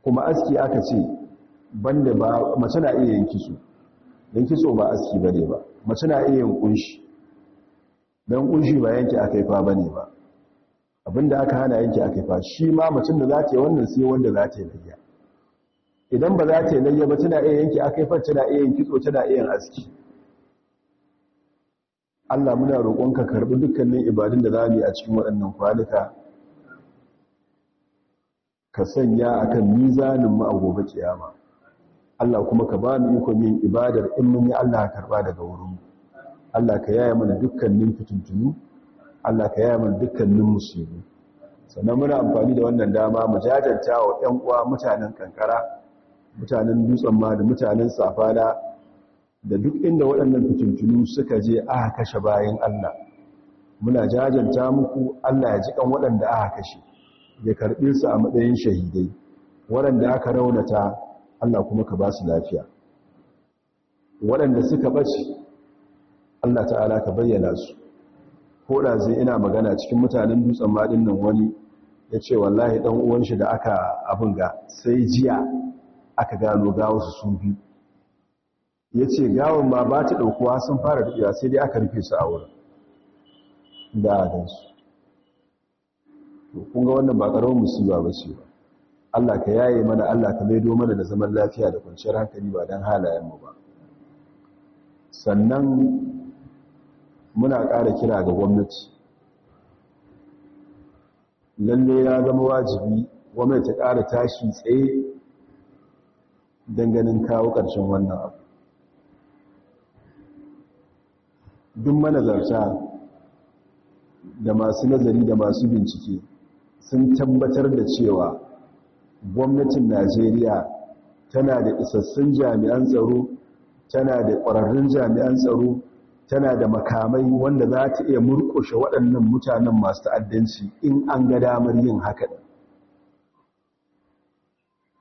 kuma aski aka ce banda ba mace na iya yin kitso don kitso ba aski ba ne ba mace na iya yin kunshi don kunshi ba yanki aka yi fa ba ne ba abinda aka hana yanki aka yi fa shi ma macin da za ta yi wannan sai wanda za ta yi layya idan ba za ta yi layya ba tana iya yanki aka yi fa tana iya yin kitso tana iya yin aski Allah muna roƙonka karɓi dukkanin ibadun da za mu yi a cikin waɗannan kwanuka ka sanya akan mizanin mu a gobe kiyama Allah kuma ka ba mu ikon yin ibadar in mun yi Allah karba daga wurin Allah ka yaya mana dukkanin fitintunu Allah ka yaya mana dukkanin musibi sannan muna amfani da wannan dama mu jajanta wa ƴan uwa mutanen kankara mutanen dutsen ma da mutanen safala da duk inda waɗannan fitintunu suka je aka kashe bayan Allah muna jajanta muku Allah ya ji kan waɗanda aka kashe ya karɓe su a matsayin shahidai waɗanda aka raunata Allah kuma ka ba su lafiya waɗanda suka ɓace Allah ta'ala ka bayyana su ko da zai ina magana cikin mutanen dutsen maɗin nan wani ya ce wallahi ɗan uwan shi da aka abin ga sai jiya aka gano gawa su bi. ya ce gawon ma ba ta ɗaukuwa sun fara rufiya sai dai aka rufe su a wurin da adansu kunga kun wannan ba ƙaramin musiba ba ce Allah ka yaye mana Allah ka maido mana da zaman lafiya da kwanciyar hankali ba don halayenmu ba sannan muna ƙara kira ga gwamnati lalle ya zama wajibi gwamnati ta ƙara tashi tsaye ganin kawo ƙarshen wannan abu duk manazarta da masu nazari da masu bincike sun tabbatar da cewa gwamnatin najeriya tana da isassun jami'an tsaro tana da ƙwararrun jami'an tsaro tana da makamai wanda za ta iya murƙushe waɗannan mutanen masu ta'addanci in an ga damar yin haka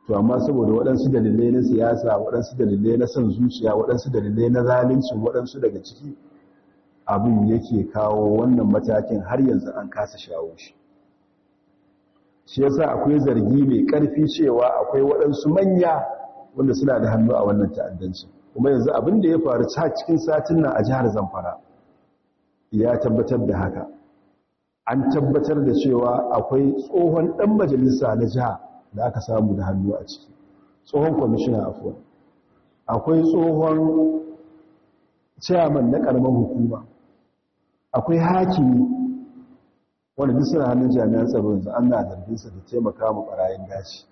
to amma saboda waɗansu dalilai na siyasa waɗansu dalilai na son zuciya waɗansu dalilai na zalincin waɗansu daga ciki abin yake kawo wannan matakin har yanzu an kasa shawo shi shi yasa akwai zargi mai ƙarfi cewa akwai waɗansu manya wanda suna da hannu a wannan ta'addanci kuma yanzu abin da ya faru ta cikin satin nan a jihar zamfara ya tabbatar da haka an tabbatar da cewa akwai tsohon ɗan majalisa na jiha da aka samu da hannu a ciki tsohon kwamishina afuwa akwai tsohon ciyaman na ƙaramin hukuma akwai hakimi Wani duk hannun jami'an tsaro yanzu an na zarginsa da taimaka mu ɓarayin gashi.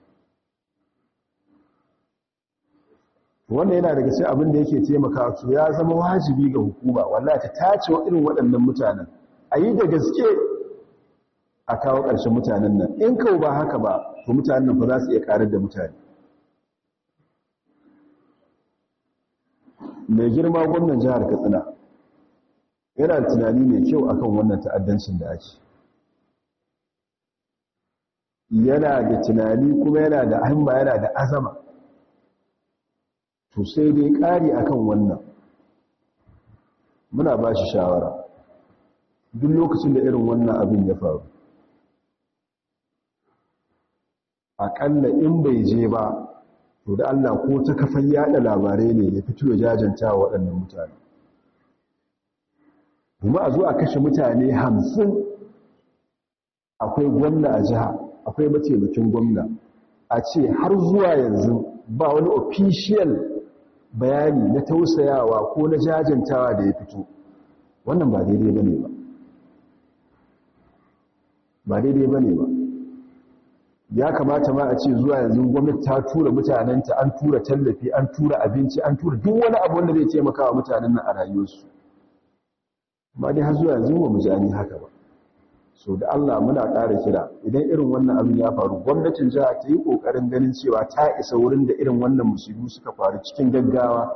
wannan yana daga cikin abin da yake taimaka su ya zama wajibi ga hukuma wallahi ta tace irin waɗannan mutanen a yi da gaske a kawo ƙarshen mutanen nan in kawo ba haka ba to mutanen nan ba za su iya ƙarar da mutane mai girma gwamnan jihar katsina yana tunani mai kyau akan wannan ta'addancin da ake yana da tunani kuma yana da himma yana da azama to sai dai ƙari akan wannan muna ba shi shawara duk lokacin da irin wannan abin ya faru aƙalla in bai je ba to da Allah ko ta kafan yada labarai ne ya fito ya jajanta waɗannan mutane kuma a zo a kashe mutane hamsin akwai gwamna a jiha akwai mataimakin gwamna a ce har zuwa yanzu ba wani official bayani na tausayawa ko na jajantawa da ya fito wannan ba daidai bane ba ba daidai bane ba ya kamata ma a ce zuwa yanzu gwamnati ta tura mutanenta an tura tallafi an tura abinci an tura duk wani abu wanda zai taimaka wa mutanen nan a rayuwarsu ba dai har zuwa yanzu ba mu ji haka ba so da Allah muna ƙara kira idan irin wannan abin ya faru gwamnatin jiha ta yi ƙoƙarin ganin cewa ta isa wurin da irin wannan musibu suka faru cikin gaggawa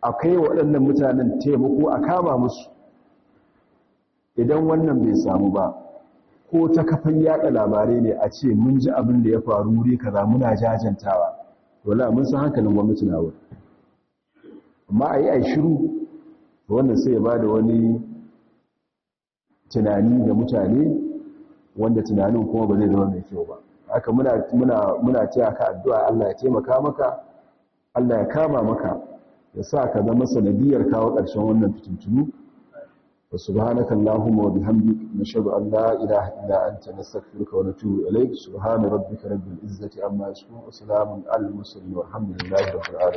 a kai waɗannan mutanen taimako a kama musu idan wannan bai samu ba ko ta kafan yaɗa labarai ne a ce mun ji abin da ya faru wuri kaza muna jajantawa wala mun san hankalin gwamnati na wuri amma ayi, yi shiru wannan sai ya ba da wani tunani da mutane wanda tunanin kuma ba zai zama mai kyau ba haka muna muna taya ka addu'a Allah ya taimaka maka Allah ya kama maka ya sa ka zama sanadiyar kawo ƙarshen wannan fitintunu wa subhanaka allahumma wa bihamdik nashhadu an la ilaha illa anta nastaghfiruka wa natubu ilayk subhana rabbika rabbil izzati amma yasifun wa salamun alal mursalin walhamdulillahi rabbil alamin